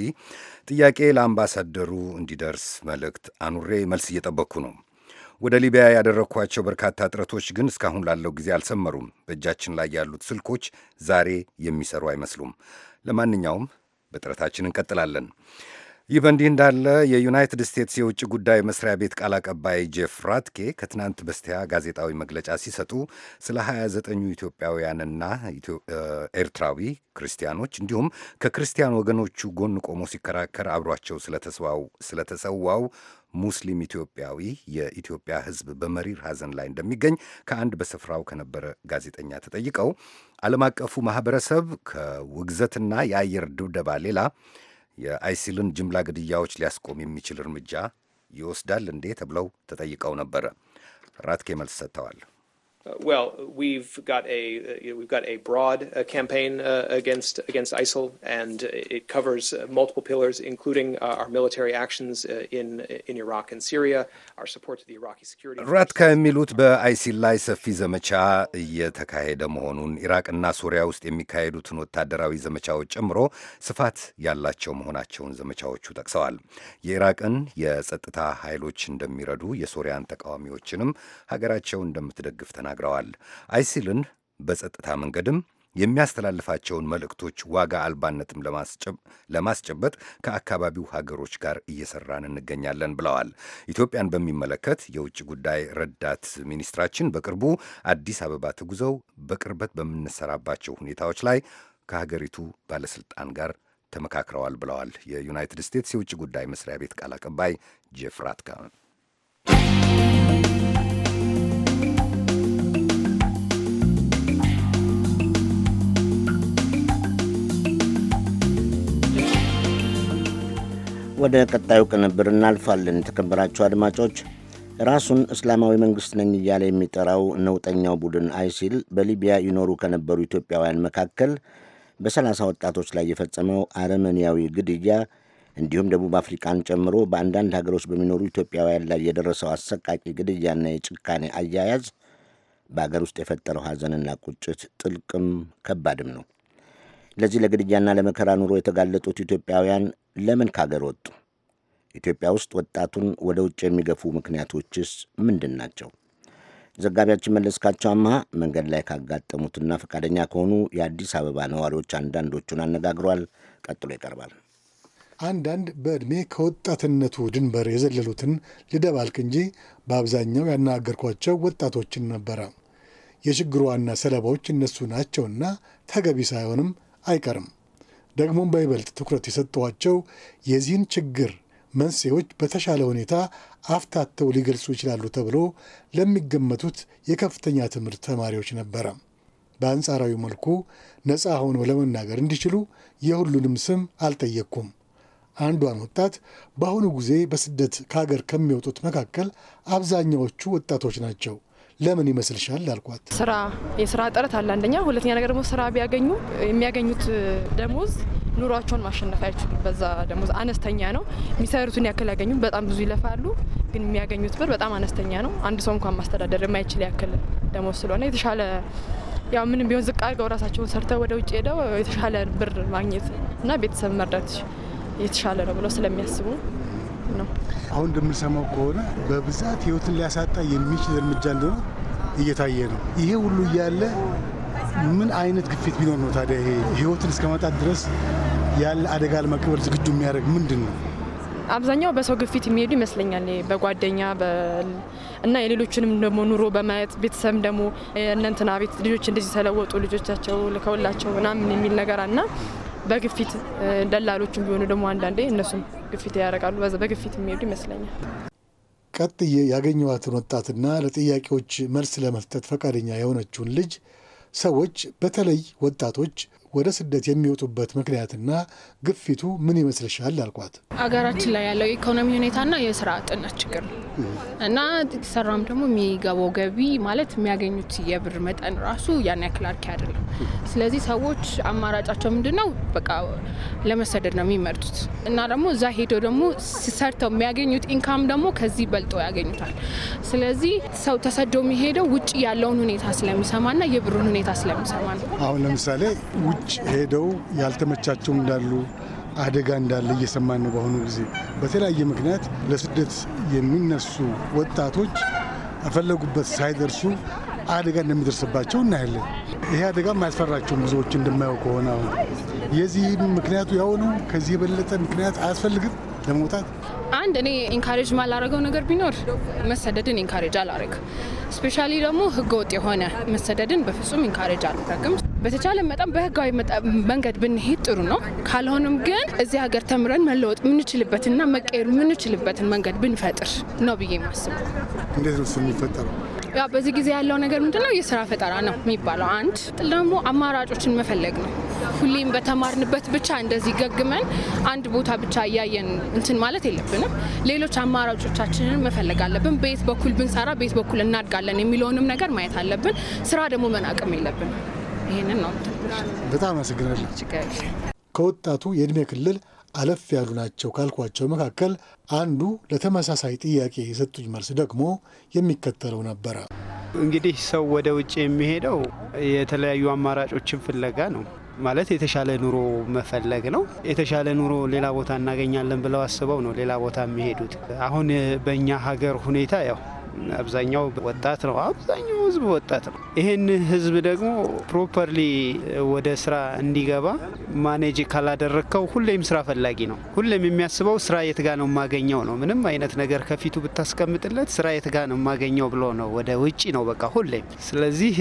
ጥያቄ ለአምባሳደሩ እንዲደርስ መልእክት አኑሬ መልስ እየጠበቅኩ ነው። ወደ ሊቢያ ያደረግኳቸው በርካታ ጥረቶች ግን እስካሁን ላለው ጊዜ አልሰመሩም። በእጃችን ላይ ያሉት ስልኮች ዛሬ የሚሰሩ አይመስሉም። ለማንኛውም በጥረታችን እንቀጥላለን። ይህ በእንዲህ እንዳለ የዩናይትድ ስቴትስ የውጭ ጉዳይ መስሪያ ቤት ቃል አቀባይ ጄፍ ራትኬ ከትናንት በስቲያ ጋዜጣዊ መግለጫ ሲሰጡ ስለ 29ኙ ኢትዮጵያውያንና ኤርትራዊ ክርስቲያኖች እንዲሁም ከክርስቲያን ወገኖቹ ጎን ቆሞ ሲከራከር አብሯቸው ስለተሰዋው ሙስሊም ኢትዮጵያዊ የኢትዮጵያ ሕዝብ በመሪር ሐዘን ላይ እንደሚገኝ ከአንድ በስፍራው ከነበረ ጋዜጠኛ ተጠይቀው ዓለም አቀፉ ማኅበረሰብ ከውግዘትና የአየር ድብደባ ሌላ የአይሲልን ጅምላ ግድያዎች ሊያስቆም የሚችል እርምጃ ይወስዳል እንዴ? ተብለው ተጠይቀው ነበረ። ራትኬ መልስ ሰጥተዋል። Uh, well, we've got a, uh, we've got a broad uh, campaign uh, against, against ISIL, and it covers uh, multiple pillars, including uh, our military actions uh, in, in Iraq and Syria, our support to the Iraqi security. forces. ራትካ የሚሉት በአይሲል ላይ ሰፊ ዘመቻ እየተካሄደ መሆኑን ኢራቅና ሱሪያ ውስጥ የሚካሄዱትን ወታደራዊ ዘመቻዎች ጨምሮ ስፋት ያላቸው መሆናቸውን ዘመቻዎቹ ጠቅሰዋል። የኢራቅን የጸጥታ ኃይሎች እንደሚረዱ፣ የሶሪያን ተቃዋሚዎችንም ሀገራቸው እንደምትደግፍ ተናግረዋል። ተናግረዋል። አይሲልን በጸጥታ መንገድም የሚያስተላልፋቸውን መልእክቶች ዋጋ አልባነትም ለማስጨበጥ ከአካባቢው ሀገሮች ጋር እየሰራን እንገኛለን ብለዋል። ኢትዮጵያን በሚመለከት የውጭ ጉዳይ ረዳት ሚኒስትራችን በቅርቡ አዲስ አበባ ተጉዘው በቅርበት በምንሰራባቸው ሁኔታዎች ላይ ከሀገሪቱ ባለስልጣን ጋር ተመካክረዋል ብለዋል። የዩናይትድ ስቴትስ የውጭ ጉዳይ መስሪያ ቤት ቃል አቀባይ ጄፍ ወደ ቀጣዩ ቅንብር እናልፋለን። የተከበራቸው አድማጮች፣ ራሱን እስላማዊ መንግሥት ነኝ እያለ የሚጠራው ነውጠኛው ቡድን አይሲል በሊቢያ ይኖሩ ከነበሩ ኢትዮጵያውያን መካከል በሰላሳ ወጣቶች ላይ የፈጸመው አረመኔያዊ ግድያ እንዲሁም ደቡብ አፍሪካን ጨምሮ በአንዳንድ ሀገሮች በሚኖሩ ኢትዮጵያውያን ላይ የደረሰው አሰቃቂ ግድያና የጭካኔ አያያዝ በአገር ውስጥ የፈጠረው ሐዘንና ቁጭት ጥልቅም ከባድም ነው። ለዚህ ለግድያና ለመከራ ኑሮ የተጋለጡት ኢትዮጵያውያን ለምን ካገር ወጡ? ኢትዮጵያ ውስጥ ወጣቱን ወደ ውጭ የሚገፉ ምክንያቶችስ ምንድን ናቸው? ዘጋቢያችን መለስካቸው አማሃ መንገድ ላይ ካጋጠሙትና ፈቃደኛ ከሆኑ የአዲስ አበባ ነዋሪዎች አንዳንዶቹን አነጋግሯል። ቀጥሎ ይቀርባል። አንዳንድ በዕድሜ ከወጣትነቱ ድንበር የዘለሉትን ልደባልቅ እንጂ በአብዛኛው ያናገርኳቸው ወጣቶችን ነበረ። የችግሩ ዋና ሰለባዎች እነሱ ናቸውና ተገቢ ሳይሆንም አይቀርም። ደግሞም በይበልጥ ትኩረት የሰጠዋቸው የዚህን ችግር መንስኤዎች በተሻለ ሁኔታ አፍታተው ሊገልጹ ይችላሉ ተብሎ ለሚገመቱት የከፍተኛ ትምህርት ተማሪዎች ነበረ። በአንጻራዊ መልኩ ነፃ ሆነው ለመናገር እንዲችሉ የሁሉንም ስም አልጠየቅኩም። አንዷን ወጣት በአሁኑ ጊዜ በስደት ከሀገር ከሚወጡት መካከል አብዛኛዎቹ ወጣቶች ናቸው። ለምን ይመስልሻል አልኳት። ስራ የስራ ጥረት አለ አንደኛ፣ ሁለተኛ ነገር ደግሞ ስራ ቢያገኙ የሚያገኙት ደሞዝ ኑሯቸውን ማሸነፍ አይችሉም። በዛ ደሞዝ አነስተኛ ነው። የሚሰሩትን ያክል ያገኙ በጣም ብዙ ይለፋሉ፣ ግን የሚያገኙት ብር በጣም አነስተኛ ነው። አንድ ሰው እንኳን ማስተዳደር የማይችል ያክል ደሞዝ ስለሆነ የተሻለ ያው ምንም ቢሆን ዝቅ አድርገው ራሳቸውን ሰርተው ወደ ውጭ ሄደው የተሻለ ብር ማግኘት እና ቤተሰብ መርዳት የተሻለ ነው ብለው ስለሚያስቡ አሁን እንደምንሰማው ከሆነ በብዛት ህይወትን ሊያሳጣ የሚችል እርምጃ እንደሆነ እየታየ ነው። ይሄ ሁሉ እያለ ምን አይነት ግፊት ቢኖር ነው ታዲያ ይሄ ህይወትን እስከመጣት ድረስ ያለ አደጋ ለመቀበል ዝግጁ የሚያደርግ ምንድን ነው? አብዛኛው በሰው ግፊት የሚሄዱ ይመስለኛል። በጓደኛ እና የሌሎችንም ደግሞ ኑሮ በማየት ቤተሰብ ደግሞ እነንትና ቤት ልጆች እንደዚህ ተለወጡ ልጆቻቸው ልከውላቸው ምናምን የሚል ነገር እና በግፊት ደላሎችም ቢሆኑ ደግሞ አንዳንዴ እነሱም ግፊት ያደርጋሉ። በዛ በግፊት የሚሄዱ ይመስለኛል። ቀጥዬ ያገኘዋትን ወጣትና ለጥያቄዎች መልስ ለመስጠት ፈቃደኛ የሆነችውን ልጅ ሰዎች በተለይ ወጣቶች ወደ ስደት የሚወጡበት ምክንያትና ግፊቱ ምን ይመስልሻል? አልኳት። አገራችን ላይ ያለው የኢኮኖሚ ሁኔታና የስራ አጥነት ችግር ነው እና ሰራም ደግሞ የሚገባው ገቢ ማለት የሚያገኙት የብር መጠን ራሱ ያን ያክል አርኪ አይደለም። ስለዚህ ሰዎች አማራጫቸው ምንድን ነው? በቃ ለመሰደድ ነው የሚመርጡት እና ደግሞ እዛ ሄዶ ደግሞ ሰርተው የሚያገኙት ኢንካም ደግሞ ከዚህ በልጦ ያገኙታል። ስለዚህ ሰው ተሰዶ የሚሄደው ውጭ ያለውን ሁኔታ ስለሚሰማና የብሩን ሁኔታ ስለሚሰማ ነው። አሁን ለምሳሌ ሰዎች ሄደው ያልተመቻቸው እንዳሉ አደጋ እንዳለ እየሰማን ነው። በአሁኑ ጊዜ በተለያየ ምክንያት ለስደት የሚነሱ ወጣቶች የፈለጉበት ሳይደርሱ አደጋ እንደሚደርስባቸው እናያለን። ይሄ አደጋ አያስፈራቸውም። ብዙዎች እንደማየው ከሆነ አሁን የዚህ ምክንያቱ ያው ነው። ከዚህ የበለጠ ምክንያት አያስፈልግም ለመውጣት አንድ እኔ ኢንካሬጅ ማላረገው ነገር ቢኖር መሰደድን ኢንካሬጅ አላረግ። ስፔሻሊ ደግሞ ህገወጥ የሆነ መሰደድን በፍጹም ኢንካሬጅ አላረግም። በተቻለ መጠን በህጋዊ መንገድ ብንሄድ ጥሩ ነው። ካልሆንም ግን እዚህ ሀገር ተምረን መለወጥ የምንችልበትና መቀየር የምንችልበትን መንገድ ብንፈጥር ነው ብዬ ማስበው። እንዴት ነው የሚፈጠረው? ያው በዚህ ጊዜ ያለው ነገር ምንድነው የስራ ፈጠራ ነው የሚባለው። አንድ ደግሞ አማራጮችን መፈለግ ነው። ሁሌም በተማርንበት ብቻ እንደዚህ ገግመን አንድ ቦታ ብቻ እያየን እንትን ማለት የለብንም። ሌሎች አማራጮቻችንን መፈለግ አለብን። በየት በኩል ብንሰራ በየት በኩል እናድጋለን የሚለውንም ነገር ማየት አለብን። ስራ ደግሞ መናቅም የለብን። ይህንን ነው። በጣም አመሰግናለሁ። ከወጣቱ የእድሜ ክልል አለፍ ያሉ ናቸው ካልኳቸው መካከል አንዱ ለተመሳሳይ ጥያቄ የሰጡኝ መልስ ደግሞ የሚከተለው ነበረ። እንግዲህ ሰው ወደ ውጭ የሚሄደው የተለያዩ አማራጮችን ፍለጋ ነው። ማለት የተሻለ ኑሮ መፈለግ ነው። የተሻለ ኑሮ ሌላ ቦታ እናገኛለን ብለው አስበው ነው ሌላ ቦታ የሚሄዱት። አሁን በእኛ ሀገር ሁኔታ ያው አብዛኛው ወጣት ነው። አብዛኛው ህዝብ ወጣት ነው። ይህን ህዝብ ደግሞ ፕሮፐርሊ ወደ ስራ እንዲገባ ማኔጅ ካላደረግከው ሁሌም ስራ ፈላጊ ነው። ሁሌም የሚያስበው ስራ የት ነው የማገኘው ነው። ምንም አይነት ነገር ከፊቱ ብታስቀምጥለት ስራ የት ነው የማገኘው ብሎ ነው። ወደ ውጭ ነው በቃ ሁሌም። ስለዚህ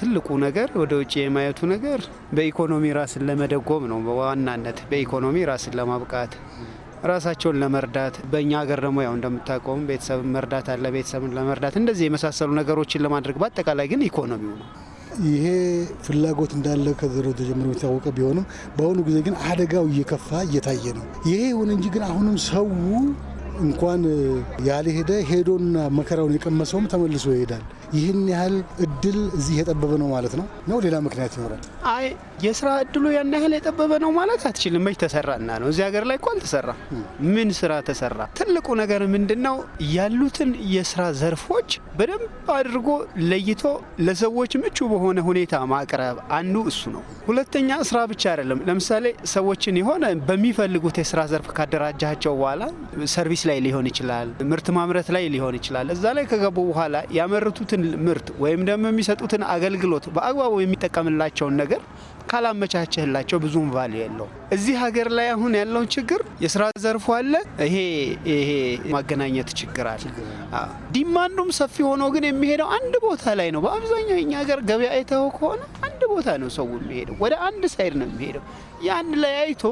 ትልቁ ነገር ወደ ውጭ የማየቱ ነገር በኢኮኖሚ ራስን ለመደጎም ነው። በዋናነት በኢኮኖሚ ራስን ለማብቃት ራሳቸውን ለመርዳት በእኛ ሀገር ደግሞ ያው እንደምታውቀውም ቤተሰብ መርዳት አለ። ቤተሰብን ለመርዳት እንደዚህ የመሳሰሉ ነገሮችን ለማድረግ በአጠቃላይ ግን ኢኮኖሚው ነው። ይሄ ፍላጎት እንዳለ ከዘሮ ተጀምሮ የታወቀ ቢሆንም በአሁኑ ጊዜ ግን አደጋው እየከፋ እየታየ ነው። ይሄ ይሁን እንጂ ግን አሁንም ሰው እንኳን ያልሄደ ሄዶና መከራውን የቀመሰውም ተመልሶ ይሄዳል። ይህን ያህል እድል እዚህ የጠበበ ነው ማለት ነው ነው ሌላ ምክንያት ይኖራል? አይ የስራ እድሉ ያን ያህል የጠበበ ነው ማለት አትችልም። መች ተሰራና ነው? እዚህ ሀገር ላይ እኮ አልተሰራም። ምን ስራ ተሰራ? ትልቁ ነገር ምንድን ነው? ያሉትን የስራ ዘርፎች በደንብ አድርጎ ለይቶ ለሰዎች ምቹ በሆነ ሁኔታ ማቅረብ አንዱ እሱ ነው። ሁለተኛ ስራ ብቻ አይደለም። ለምሳሌ ሰዎችን የሆነ በሚፈልጉት የስራ ዘርፍ ካደራጃቸው በኋላ ሰርቪስ ላይ ሊሆን ይችላል፣ ምርት ማምረት ላይ ሊሆን ይችላል። እዛ ላይ ከገቡ በኋላ ያመረቱትን የሚሰጡትን ምርት ወይም ደግሞ የሚሰጡትን አገልግሎት በአግባቡ የሚጠቀምላቸውን ነገር ካላመቻቸህላቸው ብዙም ቫሉ የለው። እዚህ ሀገር ላይ አሁን ያለውን ችግር የስራ ዘርፉ አለ፣ ይሄ ይሄ ማገናኘት ችግር አለ። ዲማንዱም ሰፊ ሆኖ ግን የሚሄደው አንድ ቦታ ላይ ነው። በአብዛኛው የኛ ሀገር ገበያ አይተው ከሆነ አንድ ቦታ ነው ሰው የሚሄደው፣ ወደ አንድ ሳይድ ነው የሚሄደው። ያን ላይ አይቶ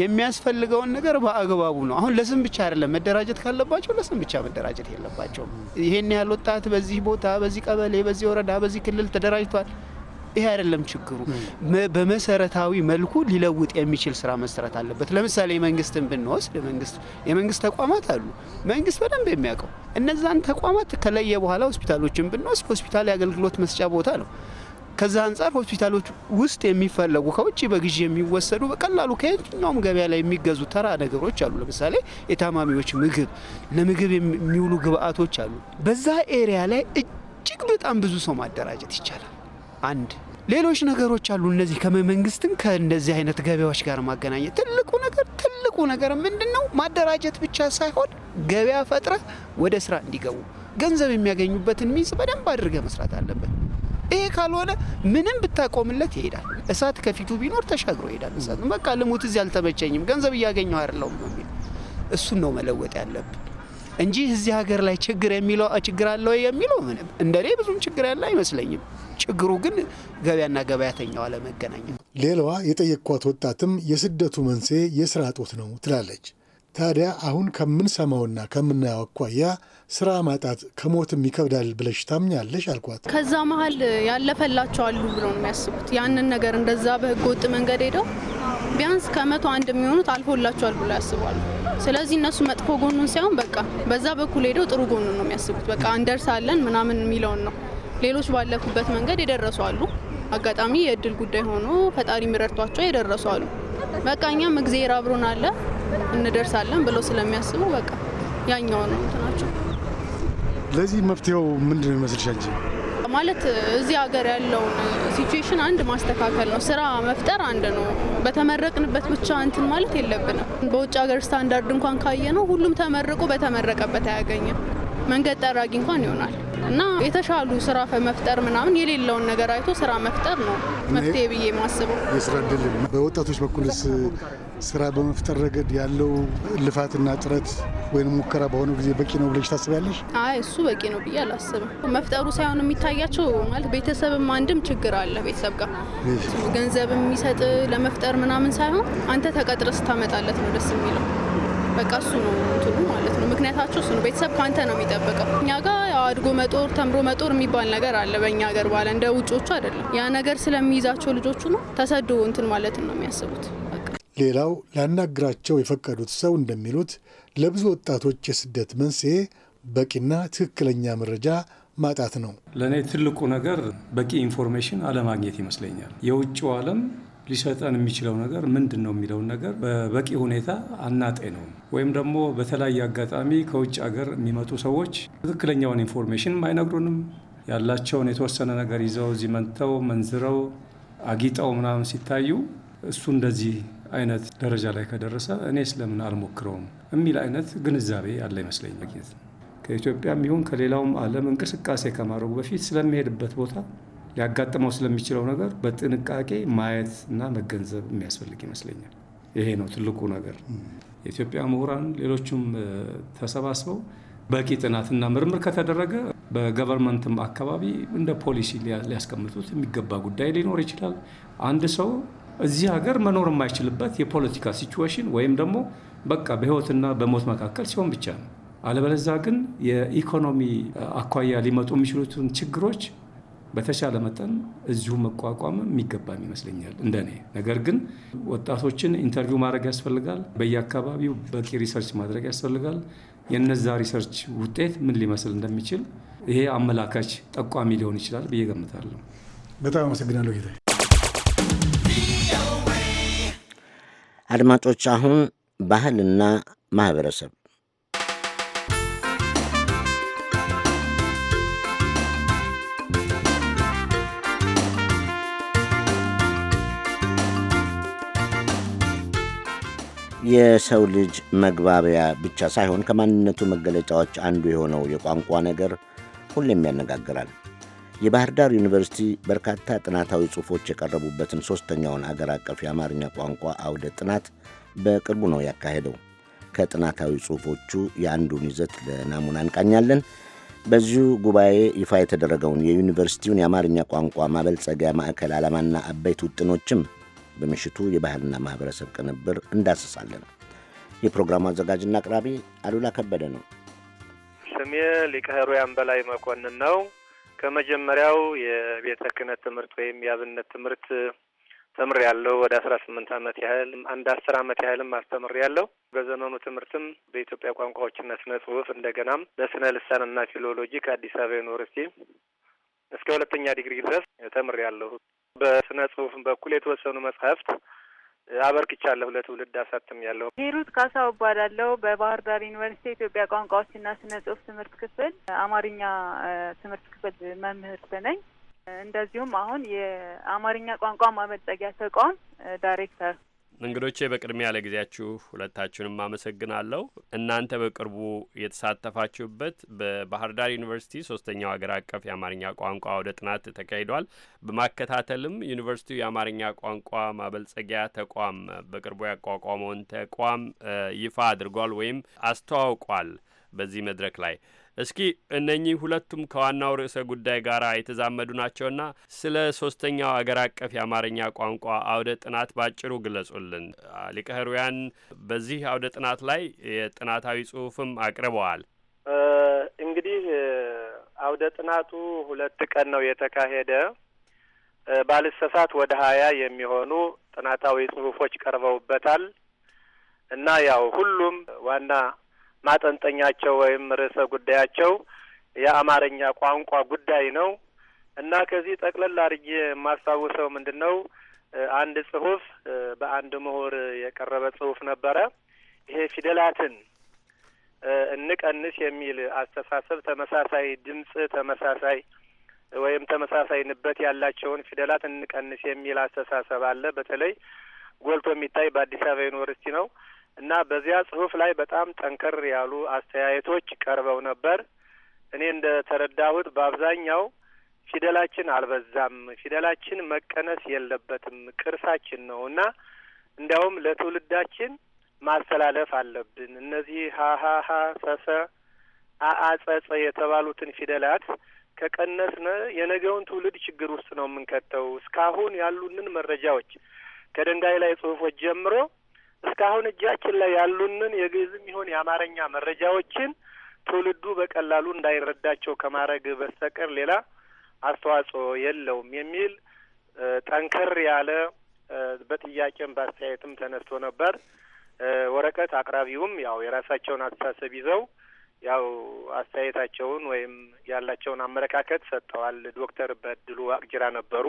የሚያስፈልገውን ነገር በአግባቡ ነው። አሁን ለስም ብቻ አይደለም መደራጀት ካለባቸው ለስም ብቻ መደራጀት የለባቸውም። ይሄን ያህል ወጣት በዚህ ቦታ፣ በዚህ ቀበሌ፣ በዚህ ወረዳ፣ በዚህ ክልል ተደራጅቷል ይሄ አይደለም ችግሩ። በመሰረታዊ መልኩ ሊለውጥ የሚችል ስራ መስራት አለበት። ለምሳሌ መንግስትን ብንወስድ የመንግስት ተቋማት አሉ። መንግስት በደንብ የሚያውቀው እነዛን ተቋማት ከለየ በኋላ ሆስፒታሎችን ብንወስድ ሆስፒታል የአገልግሎት መስጫ ቦታ ነው። ከዛ አንጻር ሆስፒታሎች ውስጥ የሚፈለጉ ከውጭ በግዢ የሚወሰዱ በቀላሉ ከየትኛውም ገበያ ላይ የሚገዙ ተራ ነገሮች አሉ። ለምሳሌ የታማሚዎች ምግብ፣ ለምግብ የሚውሉ ግብአቶች አሉ። በዛ ኤሪያ ላይ እጅግ በጣም ብዙ ሰው ማደራጀት ይቻላል። አንድ ሌሎች ነገሮች አሉ። እነዚህ ከመንግስትን ከእንደዚህ አይነት ገበያዎች ጋር ማገናኘት ትልቁ ነገር ትልቁ ነገር ምንድን ነው? ማደራጀት ብቻ ሳይሆን ገበያ ፈጥረ ወደ ስራ እንዲገቡ ገንዘብ የሚያገኙበትን ሚንስ በደንብ አድርገ መስራት አለበት። ይሄ ካልሆነ ምንም ብታቆምለት ይሄዳል። እሳት ከፊቱ ቢኖር ተሻግሮ ይሄዳል። እሳት በቃ ልሙት፣ እዚህ አልተመቸኝም፣ ገንዘብ እያገኘው አይደለሁም ነው የሚል። እሱን ነው መለወጥ ያለብን እንጂ እዚህ ሀገር ላይ ችግር የሚለው ችግር አለ የሚለው ምንም እንደኔ ብዙም ችግር ያለ አይመስለኝም። ችግሩ ግን ገበያና ገበያተኛው አለመገናኘት። ሌላዋ የጠየቅኳት ወጣትም የስደቱ መንስኤ የስራ እጦት ነው ትላለች። ታዲያ አሁን ከምንሰማውና ከምናየው አኳያ ስራ ማጣት ከሞትም ይከብዳል ብለሽ ታምኛለሽ? አልኳት። ከዛ መሀል ያለፈላቸዋሉ ብለው የሚያስቡት ያንን ነገር እንደዛ በህገ ወጥ መንገድ ሄደው ቢያንስ ከመቶ አንድ የሚሆኑት አልፎላቸዋል ብሎ ያስባሉ። ስለዚህ እነሱ መጥፎ ጎኑን ሳይሆን በቃ በዛ በኩል ሄደው ጥሩ ጎኑን ነው የሚያስቡት። በቃ እንደርሳለን ምናምን የሚለውን ነው ሌሎች ባለፉበት መንገድ የደረሱ አሉ። አጋጣሚ የእድል ጉዳይ ሆኖ ፈጣሪ የሚረድቷቸው የደረሱ አሉ። በቃ እኛም እግዜር አብሮን አለ እንደርሳለን ብለው ስለሚያስቡ በቃ ያኛው ነው እንትናቸው። ለዚህ መፍትሄው ምንድነው ነው እንጂ ማለት እዚህ ሀገር ያለውን ሲትዌሽን አንድ ማስተካከል ነው። ስራ መፍጠር አንድ ነው። በተመረቅንበት ብቻ እንትን ማለት የለብንም። በውጭ ሀገር ስታንዳርድ እንኳን ካየ ነው ሁሉም ተመርቆ በተመረቀበት አያገኝም። መንገድ ጠራጊ እንኳን ይሆናል እና የተሻሉ ስራ መፍጠር ምናምን የሌለውን ነገር አይቶ ስራ መፍጠር ነው መፍትሄ ብዬ ማስበው። የስራ እድል በወጣቶች በኩልስ ስራ በመፍጠር ረገድ ያለው ልፋትና ጥረት ወይም ሙከራ በሆነ ጊዜ በቂ ነው ብለሽ ታስቢያለሽ? አይ እሱ በቂ ነው ብዬ አላስብም። መፍጠሩ ሳይሆን የሚታያቸው ማለት ቤተሰብም አንድም ችግር አለ ቤተሰብ ጋር ገንዘብ የሚሰጥ ለመፍጠር ምናምን ሳይሆን አንተ ተቀጥረ ስታመጣለት ነው ደስ የሚለው። በቃ እሱ ነው እንትኑ ማለት ነው። ምክንያታቸው እሱ ነው። ቤተሰብ ከአንተ ነው የሚጠብቀው። እኛ ጋር አድጎ መጦር ተምሮ መጦር የሚባል ነገር አለ በእኛ ሀገር ባለ እንደ ውጮቹ አይደለም። ያ ነገር ስለሚይዛቸው ልጆቹ ነው ተሰዶ እንትን ማለት ነው የሚያስቡት። ሌላው ሊያናግራቸው የፈቀዱት ሰው እንደሚሉት ለብዙ ወጣቶች የስደት መንስኤ በቂና ትክክለኛ መረጃ ማጣት ነው። ለእኔ ትልቁ ነገር በቂ ኢንፎርሜሽን አለማግኘት ይመስለኛል። የውጭው ዓለም ሊሰጠን የሚችለው ነገር ምንድን ነው የሚለውን ነገር በበቂ ሁኔታ አናጤ ነው ወይም ደግሞ በተለያየ አጋጣሚ ከውጭ ሀገር የሚመጡ ሰዎች ትክክለኛውን ኢንፎርሜሽን አይነግሩንም። ያላቸውን የተወሰነ ነገር ይዘው እዚህ መንተው መንዝረው አጊጠው ምናምን ሲታዩ እሱ እንደዚህ አይነት ደረጃ ላይ ከደረሰ እኔ ስለምን አልሞክረውም የሚል አይነት ግንዛቤ ያለ ይመስለኝ ማግኘት ከኢትዮጵያም ይሁን ከሌላውም ዓለም እንቅስቃሴ ከማድረጉ በፊት ስለሚሄድበት ቦታ ሊያጋጥመው ስለሚችለው ነገር በጥንቃቄ ማየት እና መገንዘብ የሚያስፈልግ ይመስለኛል። ይሄ ነው ትልቁ ነገር። የኢትዮጵያ ምሁራን ሌሎቹም ተሰባስበው በቂ ጥናትና ምርምር ከተደረገ በገቨርንመንትም አካባቢ እንደ ፖሊሲ ሊያስቀምጡት የሚገባ ጉዳይ ሊኖር ይችላል። አንድ ሰው እዚህ ሀገር መኖር የማይችልበት የፖለቲካ ሲቹዌሽን ወይም ደግሞ በቃ በህይወትና በሞት መካከል ሲሆን ብቻ ነው። አለበለዛ ግን የኢኮኖሚ አኳያ ሊመጡ የሚችሉትን ችግሮች በተሻለ መጠን እዚሁ መቋቋም የሚገባም ይመስለኛል እንደኔ። ነገር ግን ወጣቶችን ኢንተርቪው ማድረግ ያስፈልጋል። በየአካባቢው በቂ ሪሰርች ማድረግ ያስፈልጋል። የነዛ ሪሰርች ውጤት ምን ሊመስል እንደሚችል ይሄ አመላካች ጠቋሚ ሊሆን ይችላል ብዬ ገምታለሁ። በጣም አመሰግናለሁ ጌታ። አድማጮች አሁን ባህልና ማህበረሰብ የሰው ልጅ መግባቢያ ብቻ ሳይሆን ከማንነቱ መገለጫዎች አንዱ የሆነው የቋንቋ ነገር ሁሌም ያነጋግራል። የባህር ዳር ዩኒቨርሲቲ በርካታ ጥናታዊ ጽሑፎች የቀረቡበትን ሦስተኛውን አገር አቀፍ የአማርኛ ቋንቋ አውደ ጥናት በቅርቡ ነው ያካሄደው። ከጥናታዊ ጽሑፎቹ የአንዱን ይዘት ለናሙና እንቃኛለን። በዚሁ ጉባኤ ይፋ የተደረገውን የዩኒቨርሲቲውን የአማርኛ ቋንቋ ማበልጸጊያ ማዕከል ዓላማና አበይት ውጥኖችም በምሽቱ የባህልና ማኅበረሰብ ቅንብር እንዳስሳለን። የፕሮግራሙ አዘጋጅና አቅራቢ አሉላ ከበደ ነው። ስሜ ሊቀ ሕሩያን በላይ መኮንን ነው። ከመጀመሪያው የቤተ ክህነት ትምህርት ወይም የአብነት ትምህርት ተምር ያለው ወደ አስራ ስምንት አመት ያህል አንድ አስር አመት ያህልም አስተምር ያለው በዘመኑ ትምህርትም በኢትዮጵያ ቋንቋዎችና ስነ ጽሁፍ እንደገናም በስነ ልሳንና ፊሎሎጂ ከአዲስ አበባ ዩኒቨርሲቲ እስከ ሁለተኛ ዲግሪ ድረስ ተምር ያለሁ። በስነ ጽሁፍ በኩል የተወሰኑ መጽሐፍት አበርክቻለሁ፣ ለትውልድ አሳትም ያለው ሄሩት ካሳ እባላለሁ። በባህር ዳር ዩኒቨርሲቲ የኢትዮጵያ ቋንቋዎችና ስነ ጽሁፍ ትምህርት ክፍል አማርኛ ትምህርት ክፍል መምህርት ነኝ። እንደዚሁም አሁን የአማርኛ ቋንቋ ማበልጸጊያ ተቋም ዳይሬክተር እንግዶቼ በቅድሚያ ለጊዜያችሁ ሁለታችሁንም አመሰግናለሁ። እናንተ በቅርቡ የተሳተፋችሁበት በባህር ዳር ዩኒቨርሲቲ ሶስተኛው ሀገር አቀፍ የአማርኛ ቋንቋ ወደ ጥናት ተካሂዷል። በማከታተልም ዩኒቨርሲቲው የአማርኛ ቋንቋ ማበልጸጊያ ተቋም በቅርቡ ያቋቋመውን ተቋም ይፋ አድርጓል ወይም አስተዋውቋል። በዚህ መድረክ ላይ እስኪ እነኚህ ሁለቱም ከዋናው ርዕሰ ጉዳይ ጋር የተዛመዱ ናቸውና ስለ ሶስተኛው አገር አቀፍ የአማርኛ ቋንቋ አውደ ጥናት ባጭሩ ግለጹልን። ሊቀ ሕሩያን በዚህ አውደ ጥናት ላይ የጥናታዊ ጽሁፍም አቅርበዋል። እንግዲህ አውደ ጥናቱ ሁለት ቀን ነው የተካሄደ። ባልሰሳት ወደ ሀያ የሚሆኑ ጥናታዊ ጽሁፎች ቀርበውበታል እና ያው ሁሉም ዋና ማጠንጠኛቸው ወይም ርዕሰ ጉዳያቸው የአማርኛ ቋንቋ ጉዳይ ነው እና ከዚህ ጠቅለል አድርጌ የማስታውሰው ምንድን ነው አንድ ጽሁፍ በአንድ ምሁር የቀረበ ጽሁፍ ነበረ። ይሄ ፊደላትን እንቀንስ የሚል አስተሳሰብ ተመሳሳይ ድምፅ ተመሳሳይ ወይም ተመሳሳይ ንበት ያላቸውን ፊደላት እንቀንስ የሚል አስተሳሰብ አለ። በተለይ ጎልቶ የሚታይ በአዲስ አበባ ዩኒቨርሲቲ ነው። እና በዚያ ጽሁፍ ላይ በጣም ጠንከር ያሉ አስተያየቶች ቀርበው ነበር። እኔ እንደ ተረዳሁት በአብዛኛው ፊደላችን አልበዛም፣ ፊደላችን መቀነስ የለበትም፣ ቅርሳችን ነው እና እንዲያውም ለትውልዳችን ማስተላለፍ አለብን። እነዚህ ሀሀሀ ሰሰ አአጸጸ የተባሉትን ፊደላት ከቀነስነ የነገውን ትውልድ ችግር ውስጥ ነው የምንከተው። እስካሁን ያሉንን መረጃዎች ከድንጋይ ላይ ጽሁፎች ጀምሮ እስካሁን እጃችን ላይ ያሉንን የግዕዝም ይሁን የአማርኛ መረጃዎችን ትውልዱ በቀላሉ እንዳይረዳቸው ከማድረግ በስተቀር ሌላ አስተዋጽኦ የለውም የሚል ጠንከር ያለ በጥያቄም በአስተያየትም ተነስቶ ነበር። ወረቀት አቅራቢውም ያው የራሳቸውን አስተሳሰብ ይዘው ያው አስተያየታቸውን ወይም ያላቸውን አመለካከት ሰጥተዋል። ዶክተር በድሉ አቅጅራ ነበሩ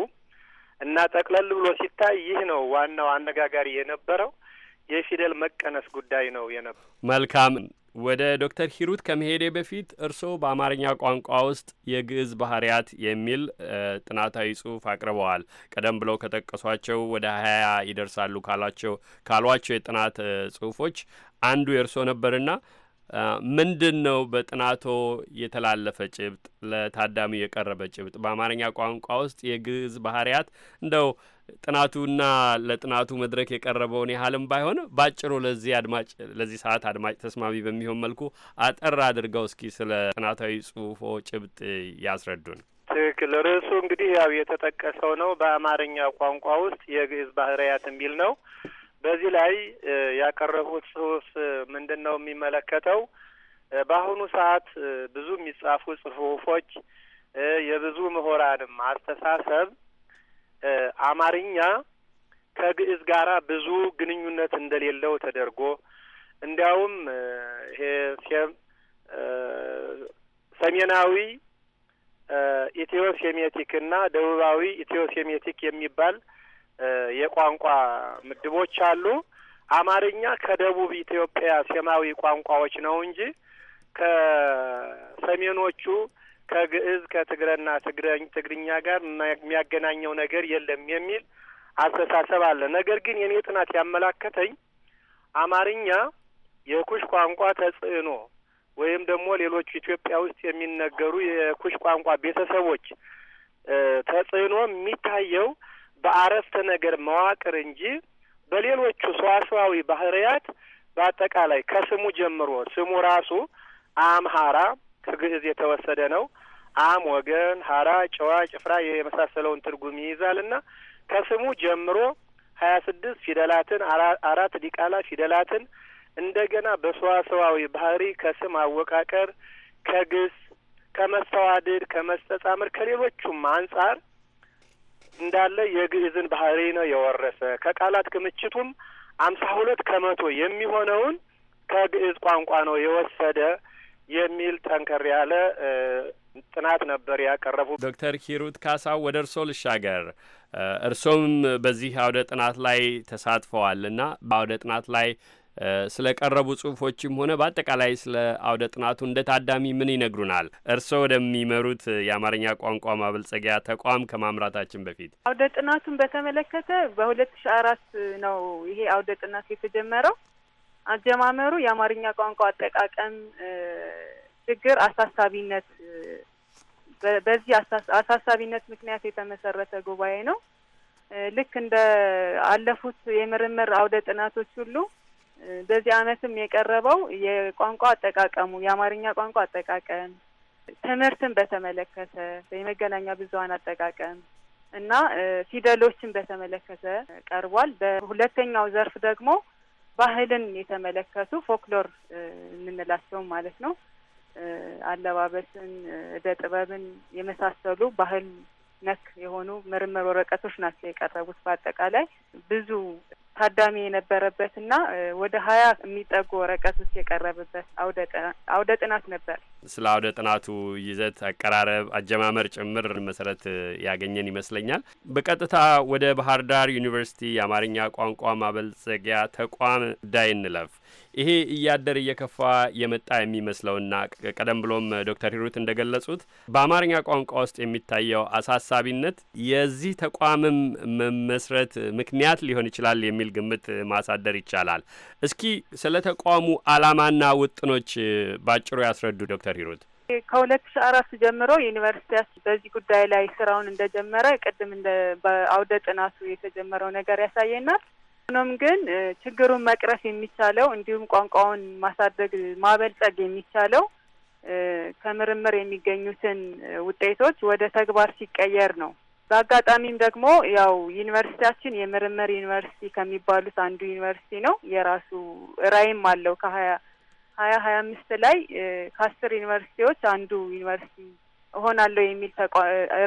እና ጠቅለል ብሎ ሲታይ ይህ ነው ዋናው አነጋጋሪ የነበረው። የፊደል መቀነስ ጉዳይ ነው የነበረው። መልካም። ወደ ዶክተር ሂሩት ከመሄዴ በፊት እርስዎ በአማርኛ ቋንቋ ውስጥ የግዕዝ ባህርያት የሚል ጥናታዊ ጽሑፍ አቅርበዋል። ቀደም ብለው ከጠቀሷቸው ወደ ሀያ ይደርሳሉ ካሏቸው ካሏቸው የጥናት ጽሁፎች አንዱ የእርስዎ ነበርና ምንድን ነው በጥናቶ የተላለፈ ጭብጥ፣ ለታዳሚው የቀረበ ጭብጥ በአማርኛ ቋንቋ ውስጥ የግዕዝ ባህርያት እንደው ጥናቱና ለጥናቱ መድረክ የቀረበውን ያህልም ባይሆን ባጭሩ ለዚህ አድማጭ ለዚህ ሰዓት አድማጭ ተስማሚ በሚሆን መልኩ አጠር አድርገው እስኪ ስለ ጥናታዊ ጽሁፎ ጭብጥ ያስረዱን። ትክክል። ርዕሱ እንግዲህ ያው የተጠቀሰው ነው። በአማርኛ ቋንቋ ውስጥ የግዕዝ ባህርያት የሚል ነው። በዚህ ላይ ያቀረቡት ጽሁፍ ምንድን ነው የሚመለከተው? በአሁኑ ሰዓት ብዙ የሚጻፉ ጽሁፎች የብዙ ምሁራንም አስተሳሰብ አማርኛ ከግዕዝ ጋራ ብዙ ግንኙነት እንደሌለው ተደርጎ እንዲያውም ይሄ ሰሜናዊ ኢትዮ ሴሜቲክና ደቡባዊ ኢትዮ ሴሜቲክ የሚባል የቋንቋ ምድቦች አሉ። አማርኛ ከደቡብ ኢትዮጵያ ሴማዊ ቋንቋዎች ነው እንጂ ከሰሜኖቹ ከግዕዝ ከትግረና ትግረኝ ትግርኛ ጋር የሚያገናኘው ነገር የለም የሚል አስተሳሰብ አለ። ነገር ግን የእኔ ጥናት ያመላከተኝ አማርኛ የኩሽ ቋንቋ ተጽዕኖ ወይም ደግሞ ሌሎች ኢትዮጵያ ውስጥ የሚነገሩ የኩሽ ቋንቋ ቤተሰቦች ተጽዕኖ የሚታየው በአረፍተ ነገር መዋቅር እንጂ በሌሎቹ ሰዋሰዋዊ ባህርያት በአጠቃላይ ከስሙ ጀምሮ ስሙ ራሱ አምሃራ ከግዕዝ የተወሰደ ነው። አም፣ ወገን፣ ሀራ፣ ጨዋ፣ ጭፍራ የመሳሰለውን ትርጉም ይይዛል ከስሙ ጀምሮ ሀያ ስድስት ፊደላትን አራት ዲቃላ ፊደላትን እንደገና በሰዋሰዋዊ ባህሪ ከስም አወቃቀር ከግስ ከመስተዋድድ ከመስተጻምር ከሌሎቹም አንጻር እንዳለ የግዕዝን ባህሪ ነው የወረሰ። ከቃላት ክምችቱም አምሳ ሁለት ከመቶ የሚሆነውን ከግዕዝ ቋንቋ ነው የወሰደ የሚል ጠንከር ያለ ጥናት ነበር ያቀረቡት። ዶክተር ሂሩት ካሳው ወደ እርሶ ልሻገር። እርሶም በዚህ አውደ ጥናት ላይ ተሳትፈዋል እና በአውደ ጥናት ላይ ስለ ቀረቡ ጽሁፎችም ሆነ በአጠቃላይ ስለ አውደ ጥናቱ እንደ ታዳሚ ምን ይነግሩናል? እርስዎ ወደሚመሩት የአማርኛ ቋንቋ ማበልጸጊያ ተቋም ከማምራታችን በፊት አውደ ጥናቱን በተመለከተ በሁለት ሺ አራት ነው ይሄ አውደ ጥናት የተጀመረው። አጀማመሩ የአማርኛ ቋንቋ አጠቃቀም ችግር አሳሳቢነት በዚህ አሳሳቢነት ምክንያት የተመሰረተ ጉባኤ ነው። ልክ እንደ አለፉት የምርምር አውደ ጥናቶች ሁሉ በዚህ ዓመትም የቀረበው የቋንቋ አጠቃቀሙ የአማርኛ ቋንቋ አጠቃቀም ትምህርትን በተመለከተ የመገናኛ ብዙኃን አጠቃቀም እና ፊደሎችን በተመለከተ ቀርቧል። በሁለተኛው ዘርፍ ደግሞ ባህልን የተመለከቱ ፎክሎር የምንላቸውም ማለት ነው አለባበስን፣ እደ ጥበብን የመሳሰሉ ባህል ነክ የሆኑ ምርምር ወረቀቶች ናቸው የቀረቡት። በአጠቃላይ ብዙ ታዳሚ የነበረበትና ወደ ሀያ የሚጠጉ ወረቀቶች የቀረበበት አውደ ጥናት ነበር። ስለ አውደ ጥናቱ ይዘት፣ አቀራረብ፣ አጀማመር ጭምር መሰረት ያገኘን ይመስለኛል። በቀጥታ ወደ ባህር ዳር ዩኒቨርሲቲ የአማርኛ ቋንቋ ማበልጸጊያ ተቋም ዳይ። እንለፍ። ይሄ እያደር እየከፋ የመጣ የሚመስለውና ቀደም ብሎም ዶክተር ሂሩት እንደገለጹት በአማርኛ ቋንቋ ውስጥ የሚታየው አሳሳቢነት የዚህ ተቋምም መመስረት ምክንያት ሊሆን ይችላል የሚል ግምት ማሳደር ይቻላል። እስኪ ስለ ተቋሙ ዓላማና ውጥኖች ባጭሩ ያስረዱ ዶክተር ሂሩት። ከሁለት ሺ አራት ጀምሮ ዩኒቨርሲቲያችን በዚህ ጉዳይ ላይ ስራውን እንደጀመረ ቅድም እንደ በአውደ ጥናቱ የተጀመረው ነገር ያሳየናል። ሆኖም ግን ችግሩን መቅረፍ የሚቻለው እንዲሁም ቋንቋውን ማሳደግ ማበልጸግ የሚቻለው ከምርምር የሚገኙትን ውጤቶች ወደ ተግባር ሲቀየር ነው። በአጋጣሚም ደግሞ ያው ዩኒቨርሲቲያችን የምርምር ዩኒቨርሲቲ ከሚባሉት አንዱ ዩኒቨርሲቲ ነው። የራሱ ራዕይም አለው ከሀያ ሀያ ሀያ አምስት ላይ ከአስር ዩኒቨርሲቲዎች አንዱ ዩኒቨርሲቲ እሆናለሁ የሚል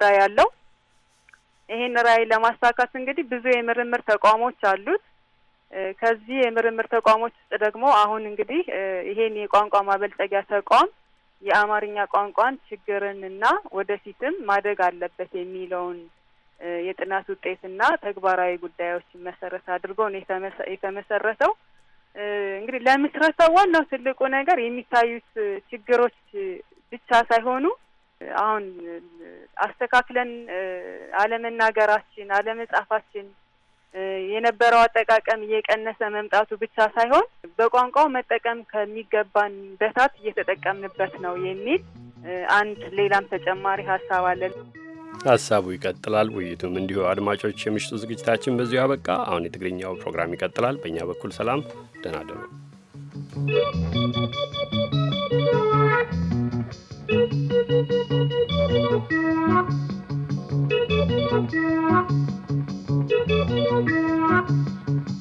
ራዕይ አለው። ይሄን ራዕይ ለማሳካት እንግዲህ ብዙ የምርምር ተቋሞች አሉት። ከዚህ የምርምር ተቋሞች ውስጥ ደግሞ አሁን እንግዲህ ይሄን የቋንቋ ማበልጸጊያ ተቋም የአማርኛ ቋንቋን ችግርንና ወደፊትም ማደግ አለበት የሚለውን የጥናት ውጤትና ተግባራዊ ጉዳዮችን መሰረት አድርጎ ነው የተመሰረተው። እንግዲህ ለምስረታው ዋናው ትልቁ ነገር የሚታዩት ችግሮች ብቻ ሳይሆኑ አሁን አስተካክለን አለመናገራችን፣ አለመጻፋችን የነበረው አጠቃቀም እየቀነሰ መምጣቱ ብቻ ሳይሆን በቋንቋው መጠቀም ከሚገባን በታት እየተጠቀምንበት ነው የሚል አንድ ሌላም ተጨማሪ ሀሳብ አለን። ሀሳቡ ይቀጥላል፣ ውይይቱም እንዲሁ። አድማጮች፣ የምሽቱ ዝግጅታችን በዚሁ ያበቃ። አሁን የትግርኛው ፕሮግራም ይቀጥላል። በእኛ በኩል ሰላም፣ ደህና ደሩ። Thank you.